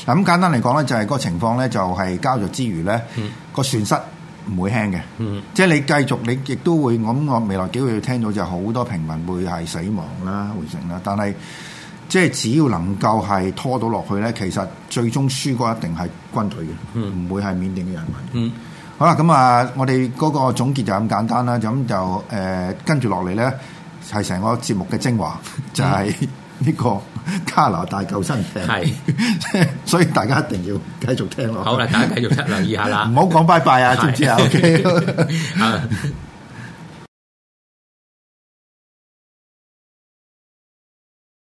咁簡單嚟講呢，就係、係、個情況呢，就係交易之餘呢，個損失。唔會輕嘅，嗯、即係你繼續，你亦都會咁。我未來幾個月聽到就好多平民會係死亡啦、犧牲啦。但係即係只要能夠係拖到落去咧，其實最終輸嗰一定係軍隊嘅，唔、嗯、會係緬甸嘅人民。嗯好，好啦，咁啊，我哋嗰個總結就咁簡單啦。咁就誒跟住落嚟咧，係成個節目嘅精華，就係。呃 呢、這個加拿大救生艇係， 所以大家一定要繼續聽咯。好啦，大家繼續留意下啦，唔好講 bye bye 啊， 知唔知啊？ Okay ?